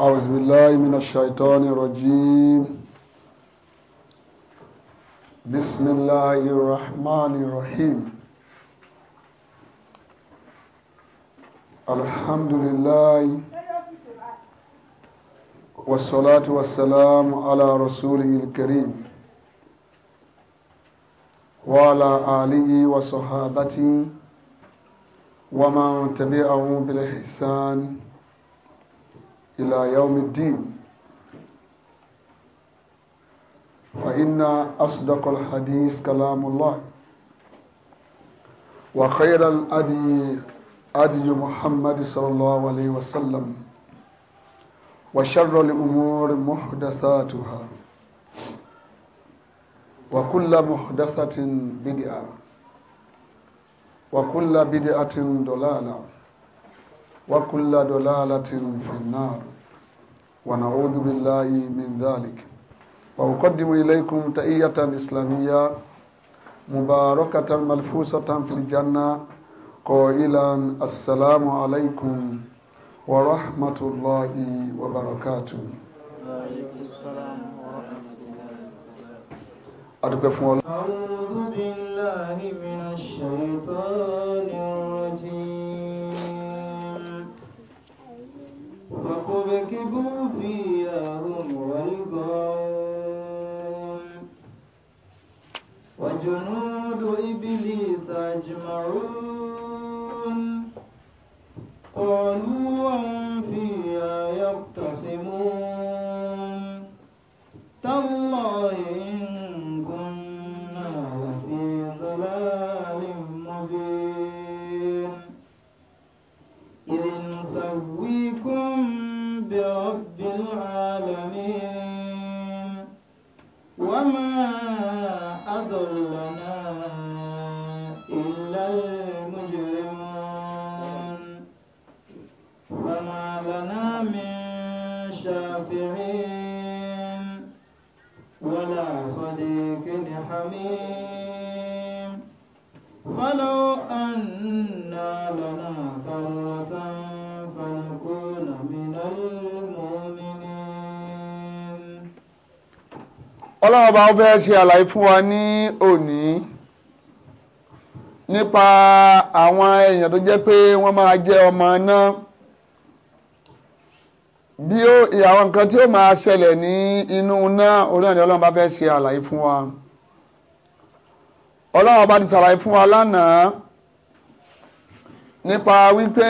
أعوذ بالله من الشيطان الرجيم بسم الله الرحمن الرحيم الحمد لله والصلاة والسلام على رسوله الكريم وعلى آله وصحابته ومن تبعهم بالإحسان إلى يوم الدين فإن أصدق الحديث كلام الله وخير الأدي أدي محمد صلى الله عليه وسلم وشر الأمور محدثاتها وكل محدثة بدعة وكل بدعة ضلالة وكل ضلالة في النار ونعوذ بالله من ذلك وأقدم إليكم تحية إسلامية مباركة ملفوسة في الجنة قائلا السلام عليكم ورحمة الله وبركاته وعليكم السلام ورحمة أعوذ بالله من الشيطان الرجيم ركبوا فيها هم والغون وجنود إبليس أجمعون قالوا وهم فيها يقتصرون ọlọ́run bá fẹ́ ṣe àlàyé fún wa ní òní nípa àwọn èèyàn tó jẹ́ pé wọ́n máa jẹ́ ọmọ náà bí ó àwọn nǹkan tí ó máa ṣẹlẹ̀ ní inú náà orí ọ̀dẹ̀ ọlọ́run bá fẹ́ ṣe àlàyé fún wa ọlọ́run bá ti ṣàlàyé fún wa lánàá nípa wípé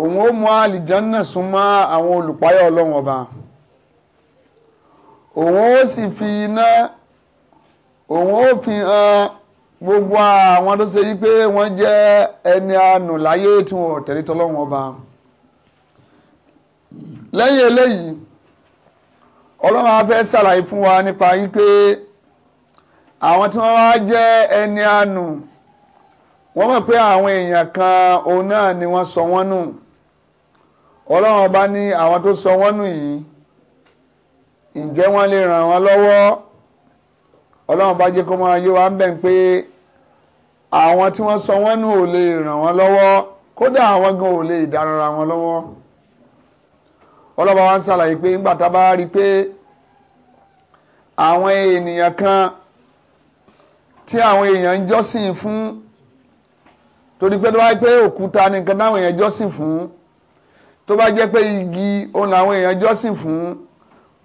òun ó mú àlìjánná súnmọ́ àwọn olùpáyọ̀ ọlọ́run ọba. òun ó sì fi iná òun ó fi hàn gbogbo àwọn tó ṣe yí pé wọ́n jẹ́ ẹni àánú láyé tí wọ́n tẹ̀lé tọ́lọ́wọ́n ọba lẹ́yìn eléyìí ọlọ́run á fẹ́ ṣàlàyé fún wa nípa yí pé àwọn tí wọ́n wá jẹ́ ẹni àánú wọ́n mọ̀ pé àwọn èèyàn kan òun náà ni wọ́n sọ wọ́n nù ọlọ́run ọba ní àwọn tó sọ wọ́n nù yìí ǹjẹ́ wọ́n lè ràn wọ́n lọ́wọ́ ọlọ́run bá jẹ́ kó máa yé wa ń bẹ̀ pé àwọn tí wọ́n sọ wọ́n nù ò lè ràn wọ́n lọ́wọ́ kódà àwọn gan ò lè dárara wọn lọ́wọ́ ọlọ́ba wa ń ṣàlàyé pé tá a bá rí kan tí àwọn èèyàn ń jọ́sìn fún torí pé tó bá pé òkúta nìkan táwọn igi òun làwọn èèyàn jọ́sìn fún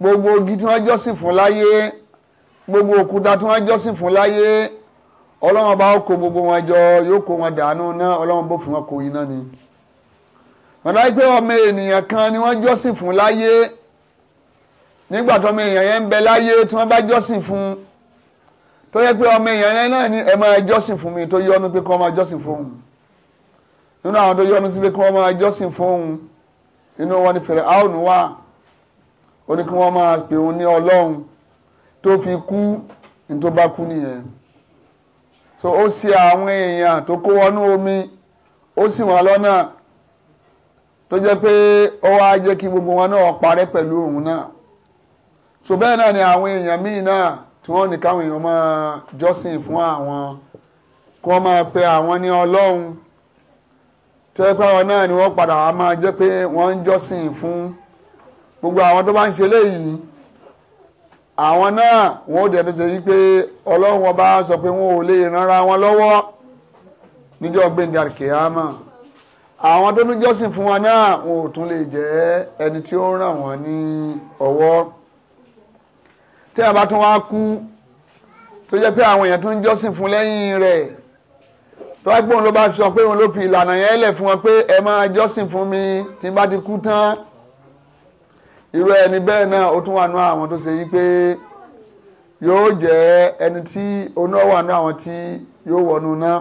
gbogbo igi tí wọ́n jọ́sìn fún láyé gbogbo òkúta tí wọ́n jọ́sìn fún láyé ọlọ́run bá kó gbogbo wọn jọ yóò kó wọn dànù náà ọlọ́run bó fi wọn kó iná ni ọ̀dà pé ọmọ ènìyàn kan ni wọ́n jọ́sìn fún láyé nígbà tó ọmọ èèyàn yẹn ń bẹ láyé tí wọ́n bá jọ́sìn fún tó yẹ pé ọmọ èèyàn yẹn náà ni ẹ máa jọ́sìn fún mi tó yọ́nú pé kí wọ́n máa jọ́sìn fún òun nínú àwọn tó yọ́nú sí pé kí wọ́n máa jọ́sìn fún òun inú wọn ni Fáráò wà. ó ní kí wọ́n máa pè òun ní ọlọ́run tó fi kú ní tó bá kú nìyẹn so ó ṣe àwọn èèyàn tó kó wọnú omi ó si wọn lọ́nà tó jẹ́ pé ó wá jẹ́ kí gbogbo wọn náà parẹ́ pẹ̀lú òun náà so bẹ́ẹ̀ náà ni àwọn èèyàn míì náà tí wọ́n ní káwọn èèyàn máa fún àwọn kí wọ́n máa pe àwọn ní ọlọ́run tó yẹ pé àwọn ni wọ́n padà wá máa jẹ́ pé wọ́n fún gbogbo àwọn tó bá ń ṣe léyìí àwọn náà wọn ó dẹ̀dọ̀ ṣe yí pé ọlọ́run wọn bá sọ pé wọn ò lè rànra wọn lọ́wọ́ níjọ́ gbẹ̀ndẹ̀ àkèámà àwọn tó tún jọ́sìn fún wọn náà wọn ò tún lè jẹ́ ẹni tí ó ràn wọ́n ní ọwọ́ tí a bá tún wá kú tó jẹ́ pé àwọn èèyàn tún jọ́sìn fún lẹ́yìn rẹ̀ tó wá gbóhùn ló bá sọ pé òun ló fi ìlànà yẹn lẹ̀ fún wọn pé ẹ máa jọ́sìn fún mi tí bá ti kú tán irú ẹni bẹ́ẹ̀ náà ó tún wà nú àwọn tó ṣe yí pé yóò jẹ́ ẹni tí oná wà nú àwọn tí yóò wọnú náà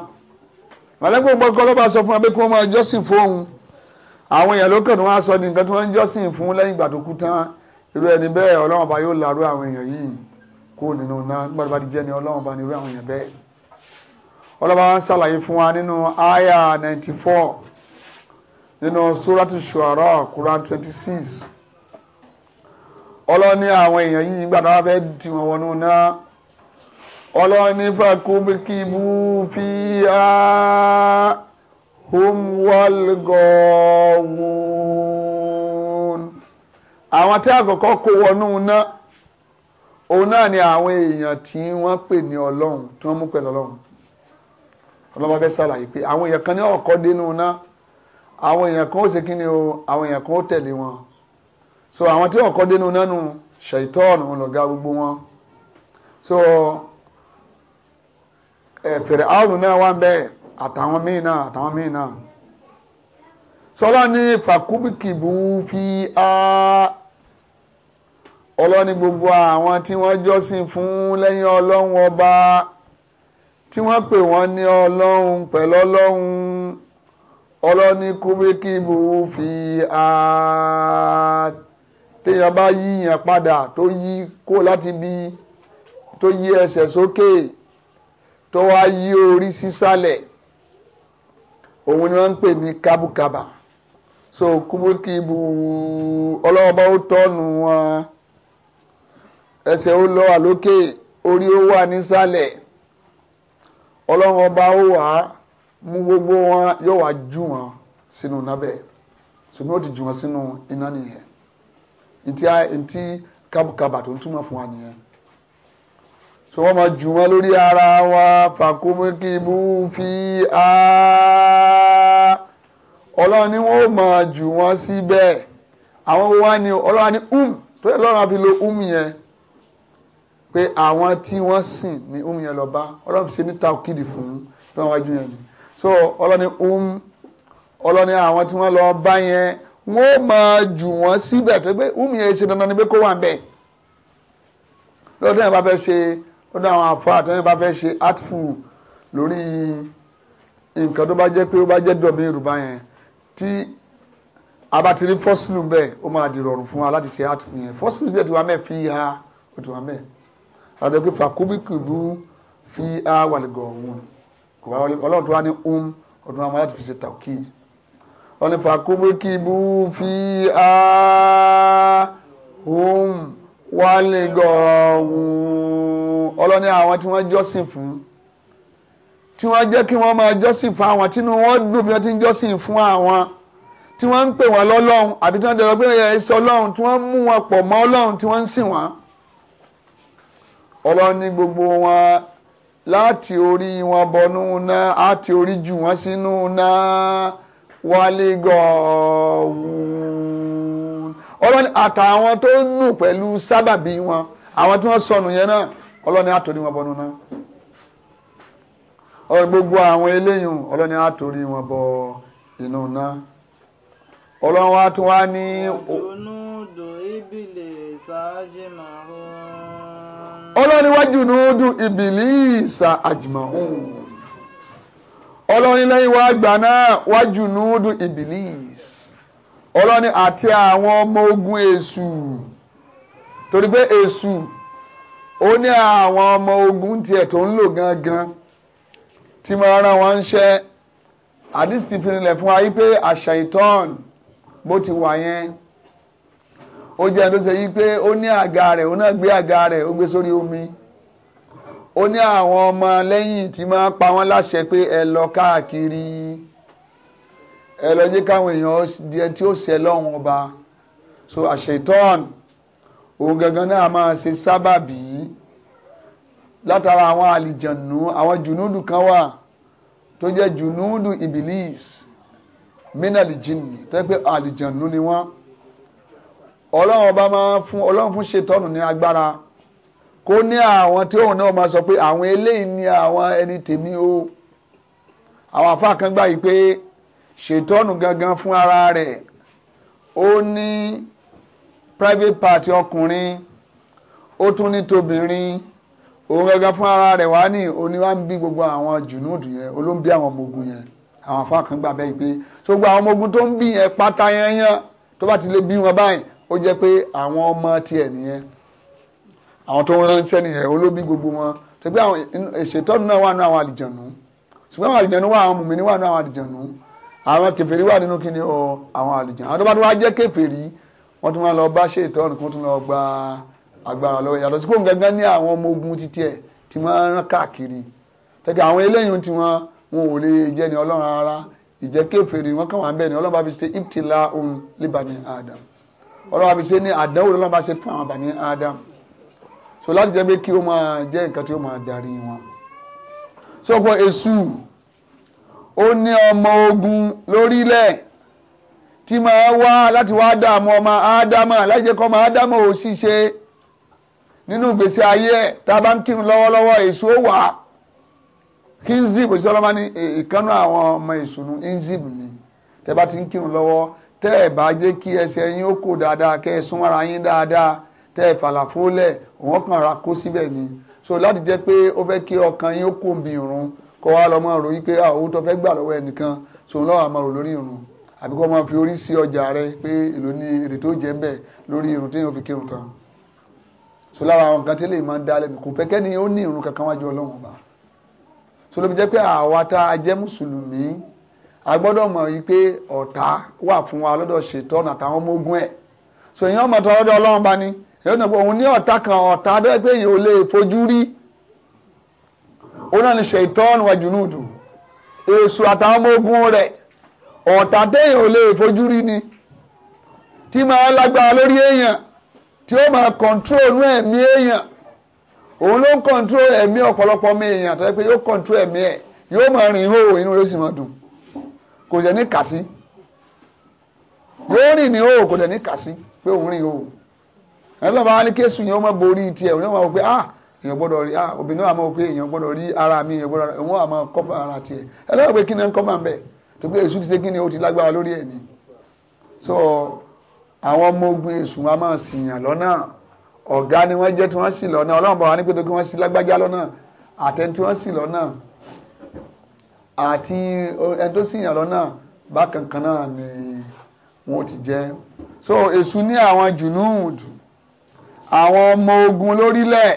màlẹ́gbẹ́ gbọ́ngàn ọlọ́ba sọ fún wa pé kí wọ́n máa jọ́sìn fóun àwọn èèyàn ló kàn ní wọ́n á sọ ní nǹkan tí wọ́n ń jọ́sìn fún lẹ́yìn ìgbà tó kú tán irú ẹni bẹ́ẹ̀ ọlọ́run ọba yóò larú àwọn èèyàn yìí kó nínú náà nígbà ti jẹ́ ni ọlọ́run ọba ní irú àwọn èèyàn bẹ́ẹ̀ ninety four nínú suratu shuara quran twenty six ọlọ́ni àwọn èèyàn yìí nígbà tó wá fẹ́ tì wọ́n wọnú náà ọlọ́ni fàkúbíkìbú fi á àwọn tí àkọ́kọ́ kó wọnú náà òun náà ni àwọn èèyàn tí wọ́n pè ní ọlọ́run tí wọ́n mú pẹ̀lú ọlọ́run ọlọ́ba fẹ́ sàlàyé pé àwọn èèyàn kan ní ọ̀kọ́ dénú náà àwọn èèyàn kan ó ṣe kí ni o àwọn èèyàn kan ó tẹ̀lé wọn so àwọn tí ọkọ dénú nánu ṣèitọ́ọ̀nù ọlọ́gá gbogbo wọn so ẹ̀fẹ̀rẹ̀ àrùn náà wà ń bẹ́ẹ̀ àtàwọn míì náà àtàwọn míì náà sọlá ní fàkúbìkì bú fi á ọlọ́ni gbogbo àwọn tí wọ́n jọ́sìn fún lẹ́yìn ọlọ́run ọba tí wọ́n pè wọ́n ní ọlọ́run pẹ̀lú ọlọ́run ọlọ́ni kúbìkì bú fi á téèyàn bá yíyàn padà tó yí kó láti bí tó yí ẹsẹ̀ sókè tó wá yí orí sísàlẹ̀ òun ni wọ́n ń pè ní kábùkàbà so kúbúkìbù ọlọ́wọ́ bá ó tọ́nu wọn ẹsẹ̀ ó lọ wà lókè orí ó wà nísàlẹ̀ ọlọ́run ọba ó wà á mú gbogbo wọn yóò wá jù wọn sínú nábẹ̀ ṣùgbọ́n ó ti jù wọn sínú iná nìyẹn ntí ntí kábùkábà tó ń fún wa nìyẹn so wọ́n máa jù wọ́n lórí ara wa fàkúmíkìbù fi á ọlọ́run ni wọ́n máa jù wọ́n síbẹ̀ àwọn wa ni ọlọ́run ni um tó yẹ lọ́run àfi lo um yẹn pé àwọn tí wọ́n sìn ni um yẹn lọ bá ọlọ́run ṣe ní taokidi fún tí wọ́n wájú yẹn ni so ọlọ́run ni um ọlọ́run ni àwọn tí wọ́n lọ bá yẹn wọ́n máa jù wọ́n síbẹ̀ tó pé wúmi yẹn ṣe dandan ni pé kó wà bẹ́ẹ̀ lọ́dọ̀ yẹn bá fẹ́ ṣe lọ́dọ̀ àwọn àfọ àtọ́yẹn bá fẹ́ ṣe artful lórí nǹkan tó bá jẹ́ pé ó bá jẹ́ dọ̀bí yorùbá yẹn tí a bá ti rí fọ́sùlù bẹ́ẹ̀ ó máa di rọrùn fún wa láti ṣe artful yẹn fọ́sùlù ti wà mẹ́ẹ̀ fi ha ó ti wà mẹ́ẹ̀ àti pé fàkúbíkì bú fi ha wà lè kò bá ọlọ́run tó wá ní um ọdún wa máa láti fi ṣe tàkìdì ọ̀nà fàkúbíkì bú fi ahùn wálé gọ̀ọ̀hún ọlọ́ni àwọn tí wọ́n jọ́sìn fún tí wọ́n jẹ́ kí wọ́n máa jọ́sìn fún àwọn tínú wọn dùn bí wọ́n ti ń jọ́sìn fún àwọn tí wọ́n ń pè wọ́n lọ́lọ́run àbí tí wọ́n dẹ̀rọ pé ẹ̀ sọ ọlọ́run tí wọ́n mú wọn pọ̀ mọ́ ọlọ́run tí wọ́n ń sìn wọ́n ọlọ́run gbogbo wọn láti orí wọn bọnú náà àti orí jù wọ́n sínú náà wálégọ́ọ̀wùn ọlọ́ni àtàwọn tó nù pẹ̀lú sábàbí wọn àwọn tí wọ́n sọnù yẹn náà ọlọ́ni àtòrí wọn bọnu náà ọ̀rọ̀ gbogbo àwọn eléyìn ọlọ́ni àtòrí wọn bọ inú náà ọlọ́run wa tún wá ní. ọlọ́ni wájú ìbìlì ìsà ọlọ́run ní lẹ́yìn wá gbà náà wá junudu ibilis ọlọ́run ní àti àwọn ọmọ ogun èṣù torí pé èṣù ó ní àwọn ọmọ ogun tiẹ̀ tó ń lò gangan tí mo rán wọn ń ṣe àdìsí ti fi rinlẹ̀ fún wa yí pé àṣà ìtọ́n bó ti wà yẹn ó jẹ́ ẹni yí pé ó ní àga rẹ̀ ó náà gbé àga rẹ̀ ó gbé sórí omi ó ní àwọn ọmọ lẹ́yìn tí máa pa wọ́n láṣẹ pé ẹ lọ káàkiri ẹ lọ jẹ́ káwọn èèyàn di tí ó ṣe lọ́hùn ọba so àṣetán òun gangan náà máa ṣe sábàbí látara àwọn àlìjànú àwọn jùnúdù kan wà tó jẹ́ jùnúdù ibilis mínàlìjìnì tó jẹ́ pé àlìjànú ni wọ́n ọlọ́run ọba máa fún ọlọ́run fún ṣetán ní agbára kó ní àwọn tí òun náà máa sọ pé àwọn eléyìí ni àwọn ẹni tèmi o àwọn àfáà kan gbà yìí pé ṣètọ́nù gangan fún ara rẹ̀ ó ní private party ọkùnrin ó tún ní tobìnrin òun gangan fún ara rẹ̀ wá ní oníwá ń bí gbogbo àwọn jùnúùdù yẹn olóńbí àwọn ọmọ ogun yẹn àwọn àfáà kan gbà bẹ́ẹ̀ pé sọgbà àwọn ọmọ ogun tó ń bí yẹn pátá yẹn yẹn tó bá ti lè bí wọn báyìí ó jẹ́ pé àwọn ọmọ tiẹ̀ nìyẹn àwọn tó ń ránṣẹ́ nìyẹn olóbi gbogbo wọn tó gbé àwọn ìṣètọ́nu náà wà nínú àwọn àlìjànú ṣùgbọ́n àwọn àlìjànú wà àwọn mùmíní wà nínú àwọn àlìjànú àwọn kèfèrí wà nínú kí ni ọ àwọn àlìjànú àwọn tó bá tó wá jẹ́ kèfèrí wọ́n tún máa lọ bá ṣètọ́nu kó tún lọ gba agbára lọ́wọ́ yàtọ̀ sí pòun gangan ní àwọn ọmọ ogun títí ẹ̀ tí wọ́n rán káàkiri tẹ́kẹ́ àwọn eléyìí tí wọ́n wọn ò lè jẹ́ ni ọlọ́run rárá ìjẹ́ kèfèrí wọ́n kàn wá bẹ́ẹ̀ ni ọlọ́run bá fi ṣe ibtila ohun libani adam ọlọ́run bá fi ṣe ní àdánwò lọ́lọ́run bá ṣe fún àwọn bani adam so láti jẹ́ pé kí ó máa jẹ́ nǹkan tí ó máa darí wọn so pé èṣù ó ní ọmọ ogun lórílẹ̀ tí máa wá láti wá dààmú ọmọ ádámà láti jẹ́ kọ́ ọmọ ádámà ò ṣiṣẹ́ nínú ìgbésí ayé ẹ̀ tá a bá ń kírun lọ́wọ́lọ́wọ́ èṣù ó wà kí ń zìbò sí ọlọ́mọ ní ìkánú àwọn ọmọ èṣù ń zìbò ni tẹ́ bá ti ń kírun lọ́wọ́ tẹ́ ẹ̀ bá jẹ́ kí ẹsẹ̀ yín ó kò dáadáa kẹ́ ẹ sún ara yín dáadáa tẹ́ ẹ̀ fàlàfó lẹ̀ wọ́n kàn ra kó síbẹ̀ ni so láti jẹ́ pé ó fẹ́ kí ọkàn yín ó kó mi ìrun kó wá lọ́mọ rò yí pé owó tó fẹ́ gbà lọ́wọ́ ẹnìkan so lọ́wọ́ àmọ́ rò lórí ìrun àbí kó máa fi orí sí ọjà rẹ pé èlò ní èrè tó jẹ́ bẹ́ẹ̀ lórí ìrun tí yóò fi kírun tán so lára àwọn nǹkan tí lè máa ń dá lẹ́nu kò fẹ́ kẹ́ni ó ní ìrun kankan wájú ọlọ́run ọba so ló fi jẹ́ pé àwa tá a mùsùlùmí a gbọ́dọ̀ mọ̀ yí pé ọ̀tá wà fún wa lọ́dọ̀ ṣètọ́nà àtàwọn ọmọ ogun ẹ̀ so èèyàn mọ̀ tọ́ ọlọ́run bá ní yóò nà pé òun ní ọ̀tá kan ọ̀tá bẹ́ẹ̀ pé èèyàn ò lè fojú rí òun náà ní ṣètọ́ọ̀nù wàjúnúdù èṣù àtàwọn ọmọ ogun rẹ̀ ọ̀tá téèyàn ò lè fojú rí ni tí máa lágbára lórí èèyàn tí ó máa kọ̀ǹtrólù ẹ̀mí èèyàn òun ló ń kọ̀ǹtrólù ẹ̀mí ọ̀pọ̀lọpọ̀ ọmọ èèyàn tó yẹ pé yóò kọ̀ǹtrólù ẹ̀mí ẹ̀ yóò máa rìn ihò inú rẹ̀ sì máa dùn kò jẹ́ ní kàsí yóò rìn ní ihò kò jẹ́ ní kàsí pé òun rìn ihò ẹlọ́ba wa ní kéésù yẹn ó mọ̀ borí tiẹ̀ òun náà wọ́n pé ah èèyàn gbọ́dọ̀ rí ah obìnrin náà mọ̀ pé èèyàn gbọ́dọ̀ rí ara mi èèyàn gbọ́dọ̀ òun àmọ́ kọ́fà ara tiẹ̀ ẹlọ́ba pé kí ni kọ́ máa ń bẹ̀ tó pé èṣù ti ṣe kí ni ó ti lágbára lórí ẹ̀ ni so àwọn ọmọ ogun èṣù wọn máa sìyàn lọ́nà ọ̀gá ni wọ́n jẹ́ tí wọ́n sì lọ́nà ọlọ́run bá wa ní pé kí wọ́n sì lágbájá lọ́nà àtẹni wọ́n sì lọ́nà ni wọ́n ti so èṣù ní àwọn ọmọ ogun lórílẹ̀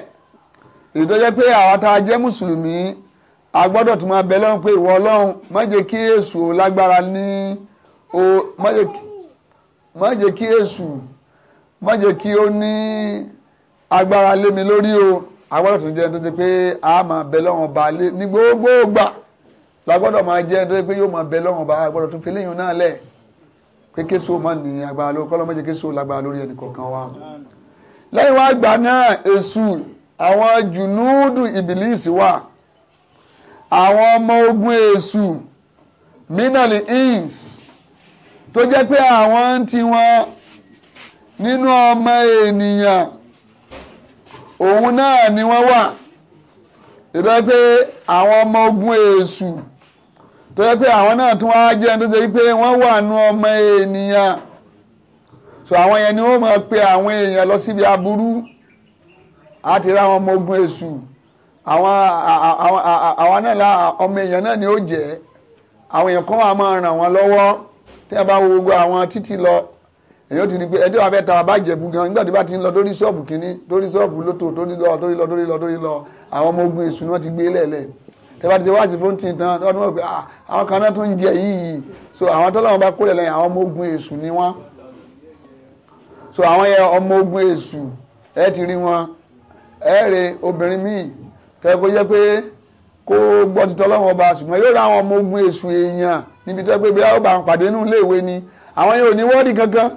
èyí jẹ́ pé àwa tá a jẹ́ mùsùlùmí a gbọ́dọ̀ tún máa bẹ lọ́run pé ìwọ ọlọ́run má kí èṣù lágbára ní o má jẹ́ kí èṣù má kí ó ní agbára lé mi lórí o a gbọ́dọ̀ tún jẹ́ tó ti pé a máa bẹ lọ́run ọba ní gbogbo gbà la gbọ́dọ̀ máa jẹ́ tó ti pé yóò máa bẹ lọ́run ọba a gbọ́dọ̀ tún fi léyìn náà lẹ̀ pé kéṣù má ní agbára lórí kọ́lọ́ má jẹ́ kéṣù lágbára lórí ẹnì kọ̀ọ̀kan wa. lẹ́yìn wá gbà náà èṣù àwọn jùnúdù ìbílíìsì wà àwọn ọmọ ogun èṣù mínàlì ins tó jẹ́ pé àwọn ń ti wọn nínú ọmọ ènìyàn òun náà ni wọ́n wà ìdọ́ pé àwọn ọmọ ogun èṣù tó jẹ́ pé àwọn náà tún wá jẹ́ tó ṣe pé wọ́n wà nú ọmọ ènìyàn. so àwọn yẹn ni wọ́n máa pe àwọn èèyàn lọ síbi aburú àti ra ọmọ ogun èṣù àwọn àwọn náà la ọmọ èèyàn náà ni ó jẹ́ àwọn èèyàn kan wà máa ràn wọ́n lọ́wọ́ tí a bá wo gbogbo àwọn títì lọ èyí ó ti di pé ẹjọ́ abẹ́ ta bá jẹ̀bù gan nígbà tí bá ti ń lọ lórí ṣọ́ọ̀bù kínní lórí ṣọ́ọ̀bù lótò lórí lọ lórí lọ lórí lọ lórí lọ àwọn ọmọ ogun èṣù ni wọ́n ti gbé lẹ́lẹ̀ tẹ́fà ti ṣe wáàsí fún tí tán ọdún wọn pé ah, àwọn kan náà tún ń jẹ yìí so àwọn tọ́lọ́wọ́n bá kó lẹ̀ lẹ́yìn àwọn ọmọ ogun èṣù ni wọ́n so àwọn yẹn ọmọ ogun èṣù ẹ ti rí wọn ẹ rè obìnrin míì kẹ́kọ̀ọ́ kó jẹ́ pé kó gbọ́ títọ́ lọ́wọ́ ọba ṣùgbọ́n yóò rà àwọn ọmọ ogun èṣù èèyàn níbi tó pé bí a ó bá ń pàdé nínú iléèwé ni àwọn yóò ní wọ́ọ̀rì kankan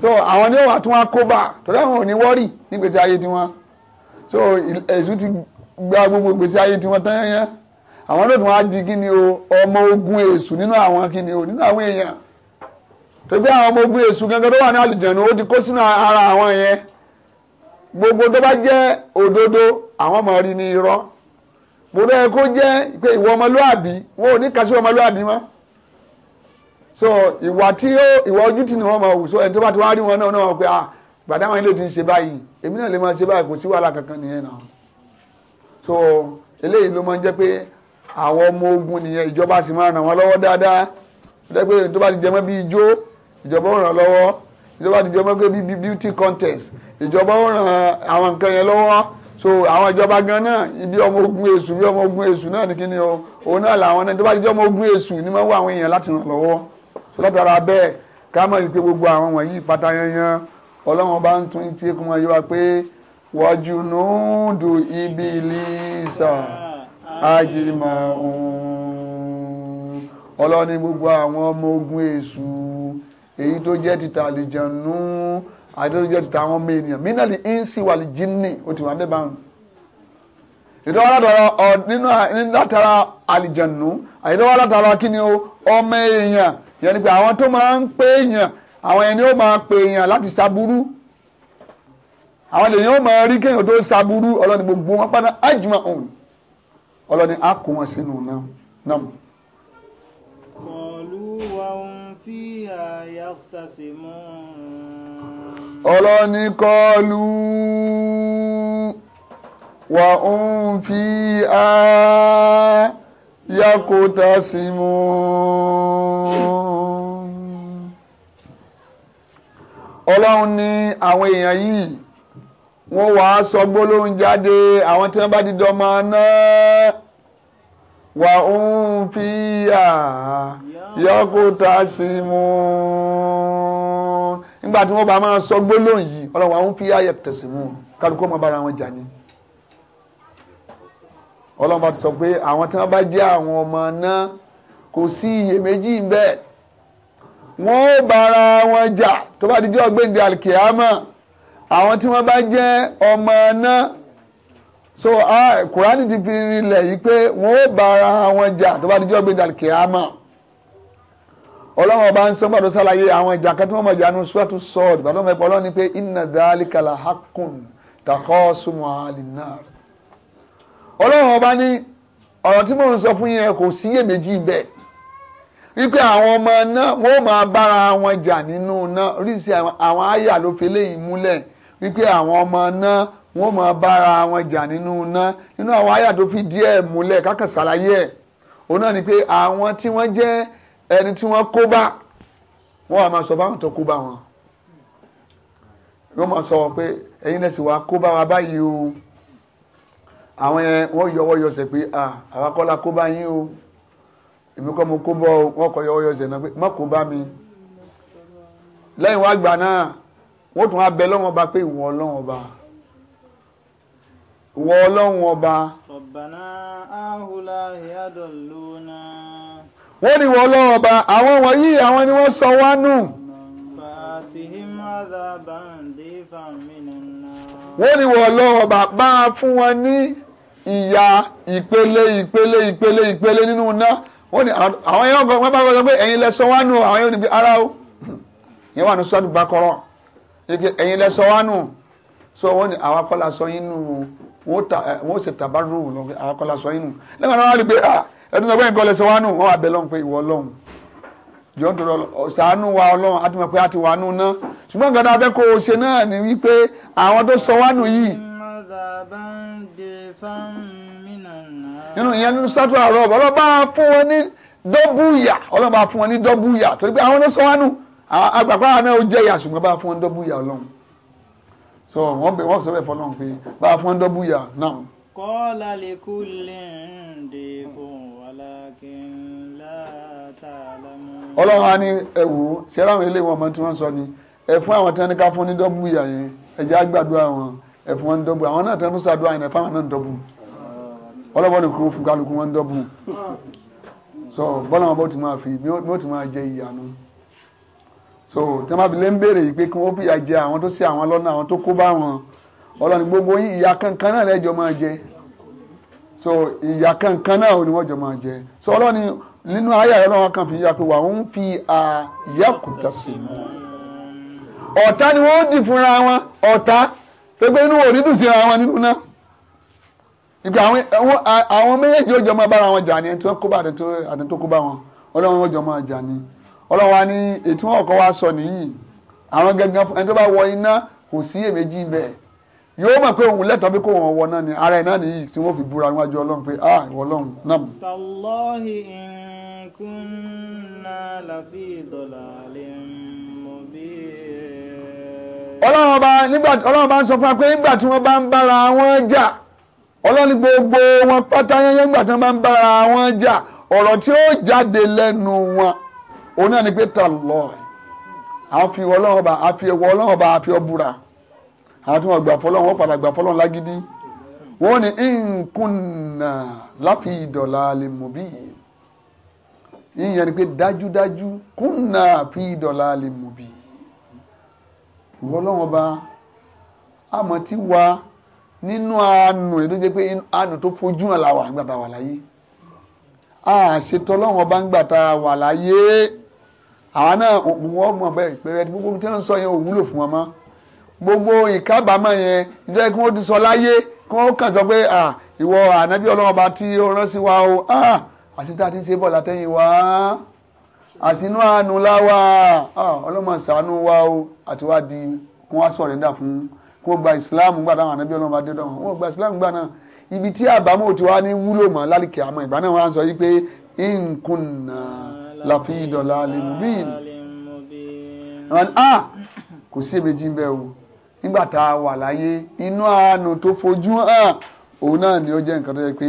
so àwọn ni ó wà tún wá kóbà tó dáhùn ò ní wọ́ọ̀rì ní gbèsè ayé tiwọn so èṣù ti gba gbogbo gbèsè ayé tiwọn tán yẹn àwọn náà tún wá di kí ni o ọmọ ogun èṣù nínú àwọn kí ni o nínú àwọn èèyàn torí pé àwọn ọmọ ogun èṣù gangan tó wà ní àlùjànnú ó ti kó sínú ara àwọn yẹn gbogbo tó bá jẹ́ òdodo àwọn ọmọ rí ni irọ́ gbogbo ẹ kó jẹ́ pé ìwọ ọmọlúàbí wọn ò ní kàṣí ọmọlúàbí mọ́ so ìwà tí ó ìwà ojú tì ní wọn mọ̀ wù so ẹni tó bá ti wá rí wọn náà náà pé ah gbàdá wọn ilé ti ń ṣe báyìí èmi náà lè máa ṣe báyìí kò sí wàhálà kankan nìyẹn náà so eléyìí ló máa ń jẹ́ pé àwọn ọmọ ogun nìyẹn ìjọba sì máa ràn wọ́n lọ́wọ́ dáadáa tó tó bá ti jẹ mọ́ ijó ìjọba ó ràn lọ́wọ́ ìjọba ti jọmọ́ pé bíi beauty contest ìjọba ó ràn àwọn nǹkan yẹn lọ́wọ́ so àwọn ìjọba gan náà ibi ọmọ ogun èṣù bí ọmọ ogun èṣù náà ní kíni o òun náà làwọn náà tó ti jẹ́ ọmọ ogun èṣù ni wọ́n wá àwọn èèyàn láti ràn lọ́wọ́ so látara bẹ́ẹ̀ ká mọ̀ ìpè gbogbo àwọn wọ̀nyí pátá yanyan ọlọ́run bá ń tún tí kò yí wa pé wọ́jú ibi ìlísà ájìmọ̀ ọlọ́run gbogbo àwọn ọmọ ogun èṣù èyí tó jẹ́ ti ta àlìjànú àti tó jẹ́ ti ta àwọn ọmọ ènìyàn mínà lè ń sì wà lè jí ní o ti wà bẹ́ẹ̀ báwọn. ìdánwò látara ọ nínú látara àlìjànú àti látara kí ni o ọmọ èèyàn yẹn ni pé àwọn tó máa ń pè èèyàn àwọn ẹni ó máa pè èèyàn láti ṣaburú àwọn èèyàn ó máa rí kéèyàn tó ṣaburú ọlọ́ni gbogbo wọn pátá ájùmọ̀ ọ̀hún ọlọ́ni á kó wọn sínú náà náà. فيها يختصمون ọlọ́ni kọlu wà ń fi á yákòtà sí mú ọlọ́run ní àwọn èèyàn yìí wọ́n wà á sọ gbólóhùn jáde àwọn tí wọ́n bá di dọ́mọ náà wà ń fi á yaqtasimun nígbà tí wọ́n bá máa sọ gbólóhùn yìí ọlọ́wọ́ àwọn fi yaqtasimun kálukú máa bára wọn jà ní. ọlọ́wọ́ bá ti sọ pé àwọn tí wọ́n bá jẹ́ àwọn ọmọ náà kò sí iyèméjì bẹ́ẹ̀ wọ́n ó bára wọn jà tó bá dijọ́ gbèǹde alikiyama àwọn tí wọ́n bá jẹ́ ọmọ náà so ah, Kùránì ti fi rinlẹ̀ yìí pé wọ́n ó bára wọn jà tó bá dijọ́ gbèǹde alikiyama ọlọ́run ọba ń sọ́gbàdo sálàyé àwọn ìjà kan tí wọ́n mọ̀ jà nu sọ́ọ̀tù sọ́ọ̀d gbàdọ́ mọ̀ ẹ̀pọ̀ ọlọ́run ni pé inna dhalika la haqqun taqasumu alinnar. ọlọ́run ọba ní ọ̀rọ̀ tí mò ń sọ fún yẹn kò síyèméjì bẹ́ẹ̀ wípé àwọn ọmọ náà wọ́n máa bára wọn jà nínú náà oríṣi àwọn àyà ló fi léyìí múlẹ̀ wípé àwọn ọmọ náà wọ́n máa bára wọn jà nínú náà nínú àwọn àyà tó fi díẹ̀ múlẹ̀ kákan ṣàlàyé ẹ̀ òun náà ni pé àwọn tí wọ́n jẹ́ ẹni tí wọ́n kó bá wọ́n á máa sọ báwọn tó kó bá wọn wọ́n máa sọ wọn pé ẹ̀yin lẹ́sìn wa kó bá wa báyìí o àwọn yẹn wọ́n yọwọ́ yọsẹ̀ pé àwa kọ́ la kó bá yín o èmi kọ́ mo kó bọ́ o wọ́n kọ́ yọwọ́ yọsẹ̀ náà pé má kó bá mi lẹ́yìn wá gbà náà wọ́n tún wá bẹ lọ́wọ́ ọba pé ìwọ ọlọ́wọ́ ọba ìwọ ọlọ́wọ́ ọba. ọ̀bàná áhùlá ìyá dọ̀lú náà wọ́n ní wọ́n lọ́wọ́ ọba àwọn wọ̀nyí àwọn ni wọ́n sọ wá nù. wọ́n ní wọ́n lọ́wọ́ ọba bá a fún wọn ní ìyà ìpele ìpele ìpele ìpele nínú iná wọ́n ní àwọn yẹn wọ́n bá wọ́n sọ pé ẹ̀yin lẹ sọ àwọn yẹn ò ní bí ara o yẹn wà ní sọ́dù bá kọ́rọ́ ẹ̀yin lẹ sọ so wọ́n ní àwọn akọ́lá sọ yín nù wọ́n ó ṣètàbárò àwọn akọ́lá sọ yín nù lẹ́gbẹ̀ẹ́ rí pé ah ẹtù sọ pé nǹkan lè ṣe wá nù wọn wà bẹ lọ́hùn pé ìwọ ọlọ́hùn jọ̀ọ́ tó lọ ṣàánú wa ọlọ́hùn á ti mọ̀ pé á ti wà nù ná ṣùgbọ́n nǹkan tá a fẹ́ kó o ṣe náà ni wípé àwọn tó sọ wá nù yìí. nínú ìyẹn nínú sátú àárọ̀ ọlọ́ba fún wọn ní dọ́búyà ọlọ́ba fún wọn ní dọ́búyà torí pé àwọn tó sọ wá nù àgbàpá náà ó jẹ́ ìyà ṣùgbọ́n bá fún wọn dọ́búyà ọlọ́hùn kọ́ọ̀lá lè kú lè ọlọ́run á ní ẹ̀wù ṣẹ́ràn ilé wọn mọ́ tí wọ́n sọ ni ẹ fún àwọn tán ní ká fún ní dọ́bù ìyà yẹn ẹ̀jẹ̀ àgbàdua wọn ẹ fún wọn dọ́bù àwọn náà tán sàdúrà yẹn ẹ fáwọn náà dọ́bù ọlọ́wọ́ ni kúrò fún kálukú wọn dọ́bù so bọ́lá wọn bó ti máa fi bí ó ti máa jẹ ìyànú so tí wọ́n bá fi lé ń béèrè yìí pé kí wọ́n fìyà jẹ àwọn tó ṣe àwọn lọ́nà àwọn tó kó bá wọn ọlọ́ni gbogbo yín so ìyà kankan náà ni wọ́n jọ máa jẹ so ọlọ́ni nínú ayé àyọ̀ lọ́wọ́ kan fi yà pé wà ń fi àyà kùtà sí i ọ̀tá ni wọ́n dì fúnra wọn ọ̀tá pépé inú òní dùn síra wọn nínú náà ìgbà àwọn méjèèjì ó jọ máa bára wọn jà ní ẹni tó kó bá àti tó kó bá wọn ọlọ́run ó jọ máa jà ní ọlọ́run wa ní ètò ọkọ̀ wa sọ nìyí àwọn gẹ́gẹ́ ẹni tó bá wọ iná kò sí èméjì bẹ́ẹ̀ yóò mọ̀ pé òun lẹ́tọ̀ọ́ bí kò wọ́n wọ náà ni ara ẹ̀ náà nìyí tí wọ́n fi búra níwájú ọlọ́run pé ah ìwọ ọlọ́run náà. tàlọ́hì ìkúnná láfi ìdọ̀là lè mọ̀ bí. ọlọ́run bá nígbà ọlọ́run bá ń sọ fún wa pé nígbà tí wọ́n bá ń bára wọn jà ọlọ́run gbogbo wọn pátá yẹnyẹn nígbà tí wọ́n bá ń bára wọn jà ọ̀rọ̀ tí ó jáde lẹ́nu wọn òun náà ni pé tàlọ́hì àfi ọlọ́run bá àfi ọwọ́ ọlọ́run bá àfi ọ àwọn tí wọ́n gbà fọlọ́n wọ́n padà gbà fọlọ́n lágídí wọ́n ní nkùnà láfi ìdọ̀là lè mú bí ìyẹn ni pé dájúdájú kùnà fi ìdọ̀là lè mú bí ìwọ́lọ́wọ́n bá àmọ́ tí wa nínú àánú ẹ̀ tó jẹ́ pé àánú tó fojú hàn láwà nígbà tá a wà láyé àṣetọ́lọ́wọ́n bá ń wà láyé àwọn náà wọ́n mọ̀ bẹ́ẹ̀ pẹ̀lú ẹni gbogbo tí wọ́n sọ yẹn òwúlò fún wọn mọ́ gbogbo ìkábàámọ̀ yẹn jẹ́ kí wọ́n ti sọ láyé kí wọ́n kàn sọ pé à ìwọ ànábì ọlọ́run bá tí ó rán sí wa o àti tá a ti ń ṣe bọ̀ látẹ̀yìn wá àsínú àánú láwà ọlọ́mọ ṣàánú wa o àti wá di kí wọ́n sọ̀rẹ́ndà fún kí wọ́n gba ìsìláàmù gbà táwọn ànábì ọlọ́run bá dé dọ̀ wọ́n gba ìsìláàmù gbà náà ibi tí àbámọ̀ ti wá ní wúlò mọ́ lálìkẹ́ àmọ́ ìgbà náà wọ́n á sọ yí pé nkùnà làfi ìdọ̀là lè mú bíi. àwọn ah kò sí èméjì ń bẹ o nígbà tá a wà láyé inú àánú tó fojú hàn òun náà ni ó jẹ́ nǹkan tó yẹ pé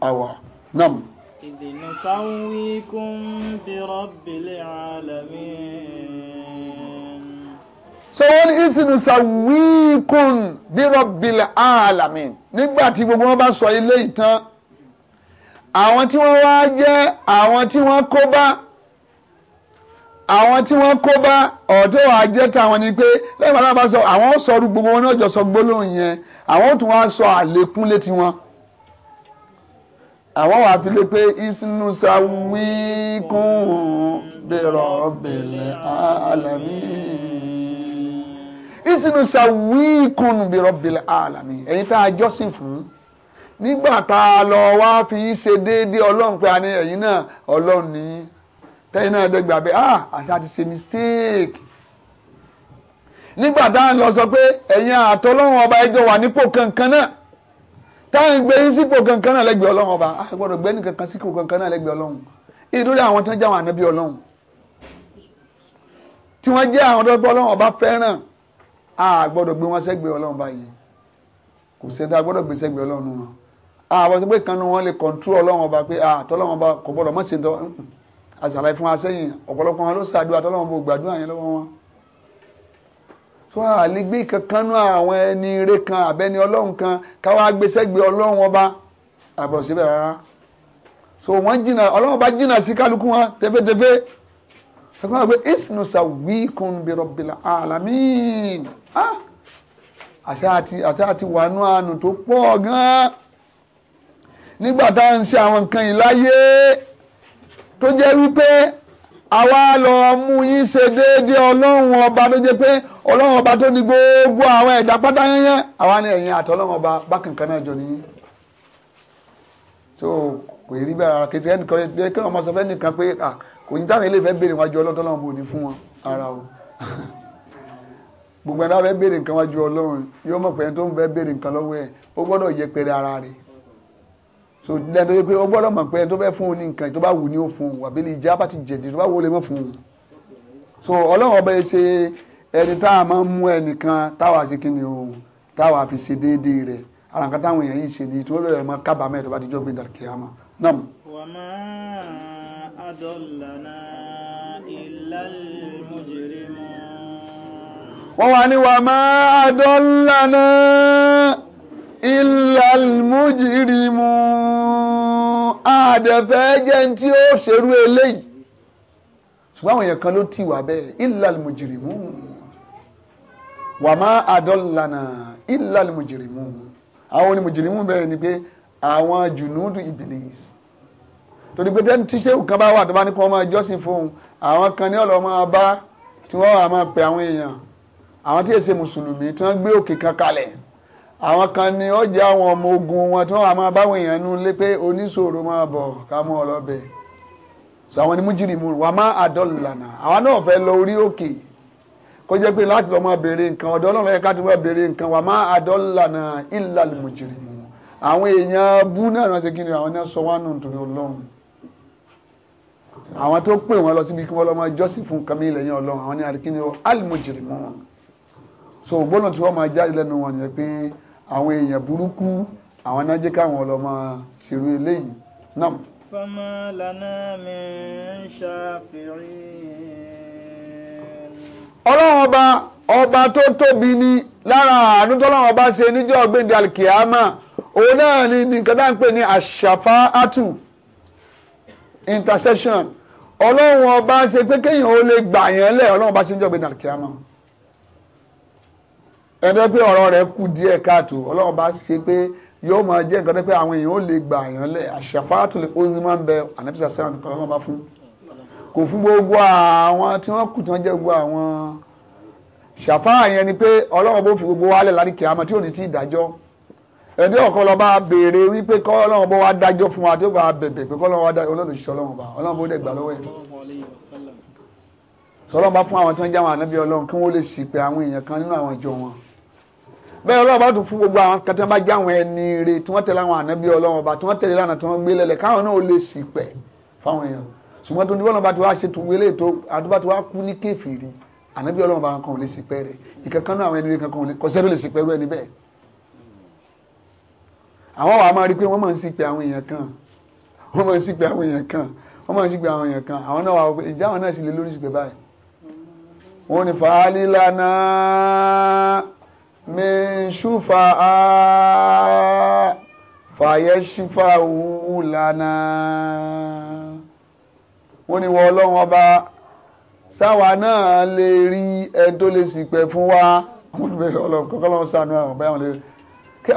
a wà náà. ìdènà sáwíkún bí rabbil alamin. so wọ́n ní ìsìnù sáwíkún bí rabbil alamin nígbà tí gbogbo wọn bá sọ ilé ìtàn àwọn tí wọ́n wá jẹ́ àwọn tí wọ́n kó bá àwọn tí wọ́n kó bá ọ̀tọ́ àjẹ́ táwọn ni pé lẹ́yìn bàbá bá sọ àwọn ó sọrú gbogbo wọn náà jọ sọ gbólóhùn yẹn àwọn ó tún wá sọ àlékún létí wọn. àwọn wàá fi lé pé isnusa wíkún bẹ̀rọ̀ bẹ̀lẹ̀ alàmì. isnusa wíkún bẹ̀rọ̀ bẹ̀lẹ̀ alàmì ẹ̀yin tá a jọ́sìn fún nígbà tá a lọ wá fi ṣe déédéé ọlọ́run pé a ní ẹ̀yin náà ọlọ́run nìyí tẹ́yìn náà dẹ́ pé ah àti àti ṣe mistake nígbà táwọn lọ sọ pé ẹ̀yin àtọ́lọ́wọ́n ọba ẹjọ́ wà nípò kankan náà táwọn gbé yín sípò kankan náà lẹ́gbẹ̀ẹ́ ọlọ́run ọba a gbọ́dọ̀ gbé nìkankan sípò kankan náà lẹ́gbẹ̀ẹ́ ọlọ́run ìdúró àwọn tó ń jáwọn ànábì ọlọ́run tí wọ́n jẹ́ àwọn tó gbọ́ ọlọ́run ọba fẹ́ràn a gbọ́dọ̀ gbé wọn sẹ́gbẹ̀ẹ́ ọlọ́run báyìí kò sẹ́ni tá àṣàlàyé fún wa sẹ́yìn ọ̀pọ̀lọpọ̀ wọn ló ṣàdúrà tọ́lọ́wọ́n bó gbàdúrà yẹn lọ́wọ́ wọn tó à lè gbé kankanú àwọn ẹni eré kan àbẹ́ni ọlọ́run kan káwá gbèsẹ́gbẹ́ ọlọ́run ọba àbọ̀ síbẹ̀ rárá so wọ́n jìnnà ọlọ́run bá jìnnà sí kálukú wọn tẹ́fẹ́tẹ́fẹ́ fẹ́kọ́ wọn pé isnu sawikun bi rabbil alamin ah! àṣà àti àṣà àti wàánú àánú tó pọ̀ gan-an nígbà tá ń ṣe àwọn nǹkan yìí láyé tó jẹ́ wípé àwa lọ mú yín ṣe déédéé ọlọ́run ọba tó jẹ́ pé ọlọ́run ọba tó ní gbogbo àwọn ẹ̀dá pátá yẹnyẹn àwa ni ẹ̀yin àti ọlọ́run ọba bákan náà jọ nìyí so kò yẹ rí bẹ́ẹ̀ rárá kìtì ẹnìkan yẹ kí wọ́n máa sọ fẹ́ nìkan pé kò ní táwọn ilé ìfẹ́ béèrè wájú ọlọ́run tọ́lọ́run bò fún wọn ara o gbogbo ẹni tó fẹ́ béèrè nǹkan wájú ọlọ́run yóò mọ̀ pé ẹni tó ń fẹ́ béèrè nǹkan lọ́wọ́ ẹ̀ ó gbọ́dọ̀ yẹpẹrẹ ara rẹ̀ so lẹ́nu tó yẹ pé ó gbọ́dọ̀ mọ̀ pé ẹni tó fẹ́ fún un ní nǹkan tó bá wù ní ó fún un àbí ìjà bá ti jẹ̀dí tó bá wù ó fún un so ọlọ́run ọba ṣe ẹni tá a máa ń mú ẹnìkan táwa ṣe kí ni o táwa fi ṣe déédéé rẹ̀ ara nǹkan táwọn èèyàn yìí ṣe ni tí wọ́n lọ́ọ́ máa kábàámẹ̀ tó bá ti jọ́ gbé dàrú kíámà náà. wà á máa adọ́lànà ìlà mujrimun. wọ́n wá ní wà á máa adọ́lànà ìlàlmújìrìmù àdẹ̀fẹ́ jẹ́ tí ó ṣerú eléyìí ṣùgbọ́n àwọn èèyàn kan ló ti wà bẹ́ẹ̀ ìlàlmújìrìmù wà má àdọ́lànà ìlàlmújìrìmù àwọn onímùjìrìmù bẹ́ẹ̀ ni pé àwọn jùnúdù ìbìlìs torí pé tí tẹ́wù kan bá wà tó bá ní kí wọ́n máa jọ́sìn fóun àwọn kan ní ọ̀lọ́ máa bá tí wọ́n wà máa pè àwọn èèyàn àwọn tí èsè mùsùlùmí tí wọ́n gbé òkè kan kalẹ̀ àwọn kan ni ó jẹ́ àwọn ọmọ ogun wọn tí wọ́n máa báwọn èèyàn nú lé pé oníṣòro máa bọ̀ ká mú ọlọ́bẹ̀ so àwọn ni mújìrìmù wà má àdọ́lùlànà àwọn náà fẹ́ lọ orí òkè kó jẹ́ pé láti lọ́ọ́ máa béèrè nǹkan ọ̀dọ́ ọlọ́run ẹ̀ka ti wọ́n béèrè nǹkan wà má àdọ́lùlànà ìlà mújìrìmù àwọn èèyàn bú náà ránṣẹ́ kí ni àwọn náà sọ wánú nítorí ọlọ́run àwọn tó pè wọ́n lọ síbi kí wọ́n lọ máa jọ́sìn fún kàmí ilẹ̀ yẹn ọlọ́run àwọn ní àríkí ni ó àlùmọ̀jìrìmù so gbọ́dọ̀ tí wọ́n máa jáde lẹ́nu wọn nìyẹn pé àwọn èèyàn burúkú àwọn nájẹ́ káwọn ọlọ́mọ ṣerú eléyìí náà. fama lana min shafi'in. ọlọ́run ọba ọba tó tóbi ni lára àánú tọ́lọ́run ọba ṣe níjọ́ ọ̀gbìn dalkiama òun náà ni nǹkan tá à ń pè ní àṣàfà àtù intercession ọlọ́run ọba ṣe pé kéèyàn ó lè gbà yẹn lẹ̀ ọlọ́run ọba ṣe níjọ́ ọ̀gbìn dalkiama ẹgbẹ́ pé ọ̀rọ̀ rẹ̀ kù díẹ̀ káàtó ọlọ́run bá ṣe pé yóò máa jẹ́ nǹkan pé àwọn èèyàn ó lè gbà yàn lẹ̀ àṣàfáàtò lè kóńsí máa ń bẹ ànábìsà sẹ́wọ̀n nìkan ọlọ́run bá fún kò fún gbogbo àwọn tí wọ́n kù tí wọ́n jẹ́ gbogbo àwọn ṣàfáà yẹn ni pé ọlọ́run bó fi gbogbo wálẹ̀ láríkè àmọ́ tí ò ní tí ì dájọ́ ẹ̀dẹ́ ọ̀kan lọ bá béèrè wípé kọ́ ọlọ́run bó wá dájọ́ fún wa tó bá bẹ̀bẹ̀ pé kọ́ ọlọ́run wá dájọ́ ọlọ́run ṣiṣẹ́ ọlọ́run bá ọlọ́run bó dẹ̀ gbà lọ́wọ́ ẹ̀ sọlọ́run bá fún àwọn tí wọ́n jẹ́ àwọn ànábì ọlọ́run kí wọ́n lè sì pé àwọn èèyàn kan nínú àwọn ìjọ wọn bẹ́ẹ̀ ọlọ́run bá tún fún gbogbo àwọn kan tí wọ́n bá jẹ́ àwọn ẹni rè tí wọ́n tẹ̀lé àwọn ànábì ọlọ́run ọba tí wọ́n tẹ̀lé lánàá tí wọ́n gbé lẹ́lẹ̀ káwọn náà ó lè sì pẹ̀ fáwọn èèyàn ṣùgbọ́n tó ní bọ́lọ́run bá ti wá ṣe tún wọlé tó àdúbà tó wá kú ní kèfèrí ànábì ọlọ́run bá kan ò lè sì pẹ́ rẹ̀ ìkankan náà àwọn ẹni rè kankan kò sẹ́ni lè sì pẹ́ rú ẹni bẹ́ẹ̀ àwọn wàá máa rí i pé wọ́n máa ń sì pé àwọn èèyàn kan wọ́n máa ń sì pé àwọn èèyàn kan wọ́n máa ń sì pé àwọn èèyàn kan àwọn náà wàá pé ìjà àwọn náà sì lè lórí sì pé báyìí wọ́n ní fàálí lánàá من شفعاء فيشفعوا لنا wọ́n ní wọ́n ọlọ́run ọba sáwa náà lè rí ẹni tó lè ṣìpẹ̀ fún wa wọ́n ti bẹ̀rẹ̀ ọlọ́run kọ́kọ́ lọ́wọ́ sànú àwọn ọba àwọn lè rí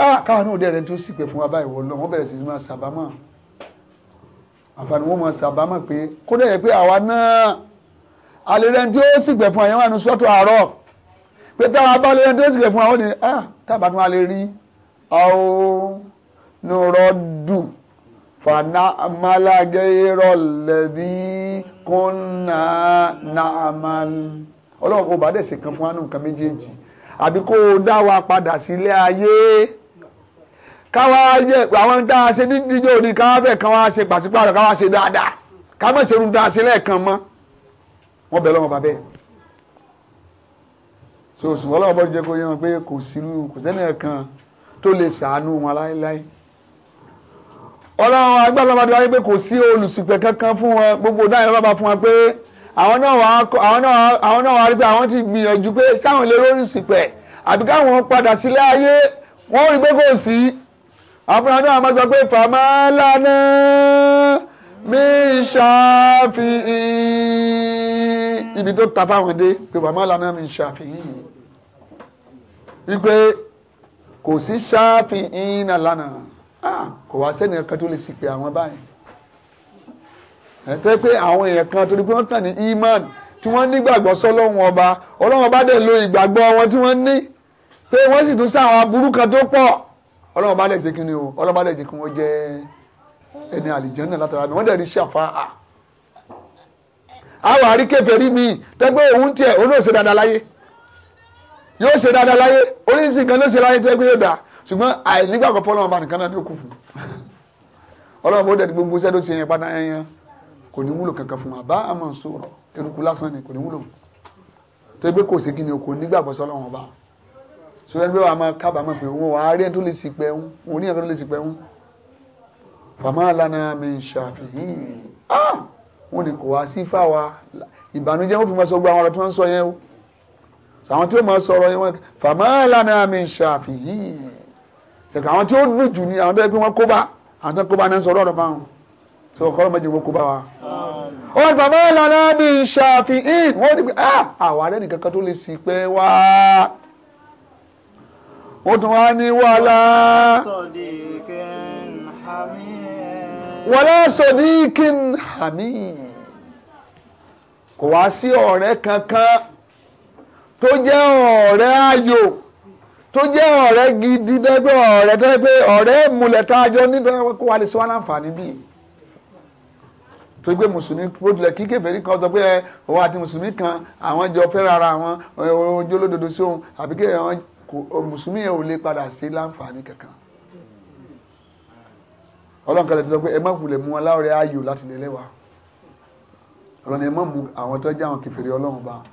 ah, káwọn náà dẹ̀rẹ̀ tó ṣìpẹ̀ fún wa báyìí wọ́n lọ́wọ́ bẹ̀rẹ̀ sí pé táwa bá lè tó sì lè fún wa ní ah tábà tí wọn lè rí ọ̀hún nùrọ̀ dùn fana amalageyerọ lẹbi kọ́nà nàámal ọlọ́run kò bá dẹ̀ ṣe kan fún wa nù nǹkan méjèèjì àbí kó o dá wa padà sílé ayé káwa yẹ àwọn tá a ṣe nídìjọ òní káwa fẹ́ káwa ṣe pàṣípàrọ̀ káwa ṣe dáadáa ká má ṣerun tá a ṣe lẹ́ẹ̀kan mọ́ wọ́n bẹ̀ lọ́mọ bàbá yẹn so ṣùgbọ́n ọlọ́run bọ́ jẹ́ kó yé wọn pé kò sírú kò sẹ́ni kan tó lè ṣàánú wọn láéláé ọlọ́run agbára bá dúró pé kò sí olùsìpẹ̀ kankan fún wọn gbogbo dáhùn bá bá fún wọn pé àwọn náà wà àwọn náà wà rí pé àwọn ti gbìyànjú pé sáwọn lè lórí ìsìpẹ̀ àbí káwọn padà sílé ayé wọ́n rí pé kò sí àwọn fúnra náà máa sọ pé fàmà lánà mí ṣàfihàn ibi tó ta fáwọn dé pé fàmà lánà mí ṣàfihàn wípé kò sí ṣáàfì ìhìnà lánàá kò wá sẹ́ni kan tó lè sì pé àwọn báyìí ẹ̀tọ́ pé àwọn èèyàn kan torí pé wọ́n kàn ní iman tí wọ́n nígbàgbọ́ sọ́lọ́run ọba ọlọ́run ọba dẹ̀ lo ìgbàgbọ́ wọn tí wọ́n ní pé wọ́n sì tún sáwọn aburú kan tó pọ̀ ọlọ́run ọba dẹ̀ jẹ́ kí ni o ọlọ́run ọba dẹ̀ jẹ́ kí wọ́n jẹ́ ẹni àlìjẹ́nà látara mi wọ́n dẹ̀ rí ṣàfà à. àwọn àríkèfèrí mi tẹ́gbẹ́ òun tiẹ̀ olóòṣè dáadáa láyé yóò ṣe dáadáa láyé oríṣi nǹkan ló ṣe láyé tó ẹgbẹ́ yóò dà ṣùgbọ́n àìnígbàgbọ́ pọ́ ọlọ́run bá nìkan náà ní òkú fún ọlọ́run bó dẹ̀dí gbogbo iṣẹ́ tó ṣe yẹn padà yẹn kò ní wúlò kankan fún wa bá àmọ́ sọ̀rọ̀ eruku lásán ni kò ní wúlò tó ẹgbẹ́ kò sí kíni okò nígbàgbọ́ sọ ọlọ́run ọba ṣùgbọ́n ẹgbẹ́ wa máa kábàámọ̀ pé òun wà á rí ẹni tó lè sì pẹ́ ń òun níyàn tó lè sì pẹ́ ń fàmà lánà mi ṣàfihàn ah! wọn ni kò wá sí fáwa ìbànújẹ́ wọn fi máa sọ gbogbo àwọn ọ̀rọ̀ tí wọ́n ń sọ yẹn o sàwọn tí ó máa sọ̀rọ̀ yẹn wọn fàmà lánàá mi ṣàfi yìí sẹkẹ àwọn tí ó dùn jù ní àwọn tó yẹ pé wọn kó bá àwọn tó kó bá náà sọ̀rọ̀ ọ̀rọ̀ fáwọn tí wọn kọ́ ló méjì wọn kó wa. ó ní fàmà lánàá mi ṣàfi yìí wọn ti pé àwọn arẹ nìkan kan tó lè sì pé wá ó tún wá ní wàhálà wàhálà sọdíkìn hàmí kò wá sí ọ̀rẹ́ kankan tó jẹ́ ọ̀rẹ́ ayò tó jẹ́ ọ̀rẹ́ gidi dẹ́gbẹ́ ọ̀rẹ́ dẹ́gbẹ́ ọ̀rẹ́ ìmúlẹ̀ tá a jọ nítorí kó wa lè sọ wá láǹfààní bíi tó gbé mùsùlùmí bódulẹ̀ kí kèfèrí kan sọ pé ẹ òun àti mùsùlùmí kan àwọn jọ fẹ́ rárá àwọn ojú olódodo sí òun àbí kí àwọn mùsùlùmí yẹn ò lè padà sí láǹfààní kankan. ọlọ́run lè ti sọ pé ẹ má wulẹ̀ mú wọn láwọ̀rẹ́ ayò láti lè lẹ́wà ọlọ́run ẹ má mú àwọn tó jẹ́ àwọn kèfèrí ọlọ́run bá wọn.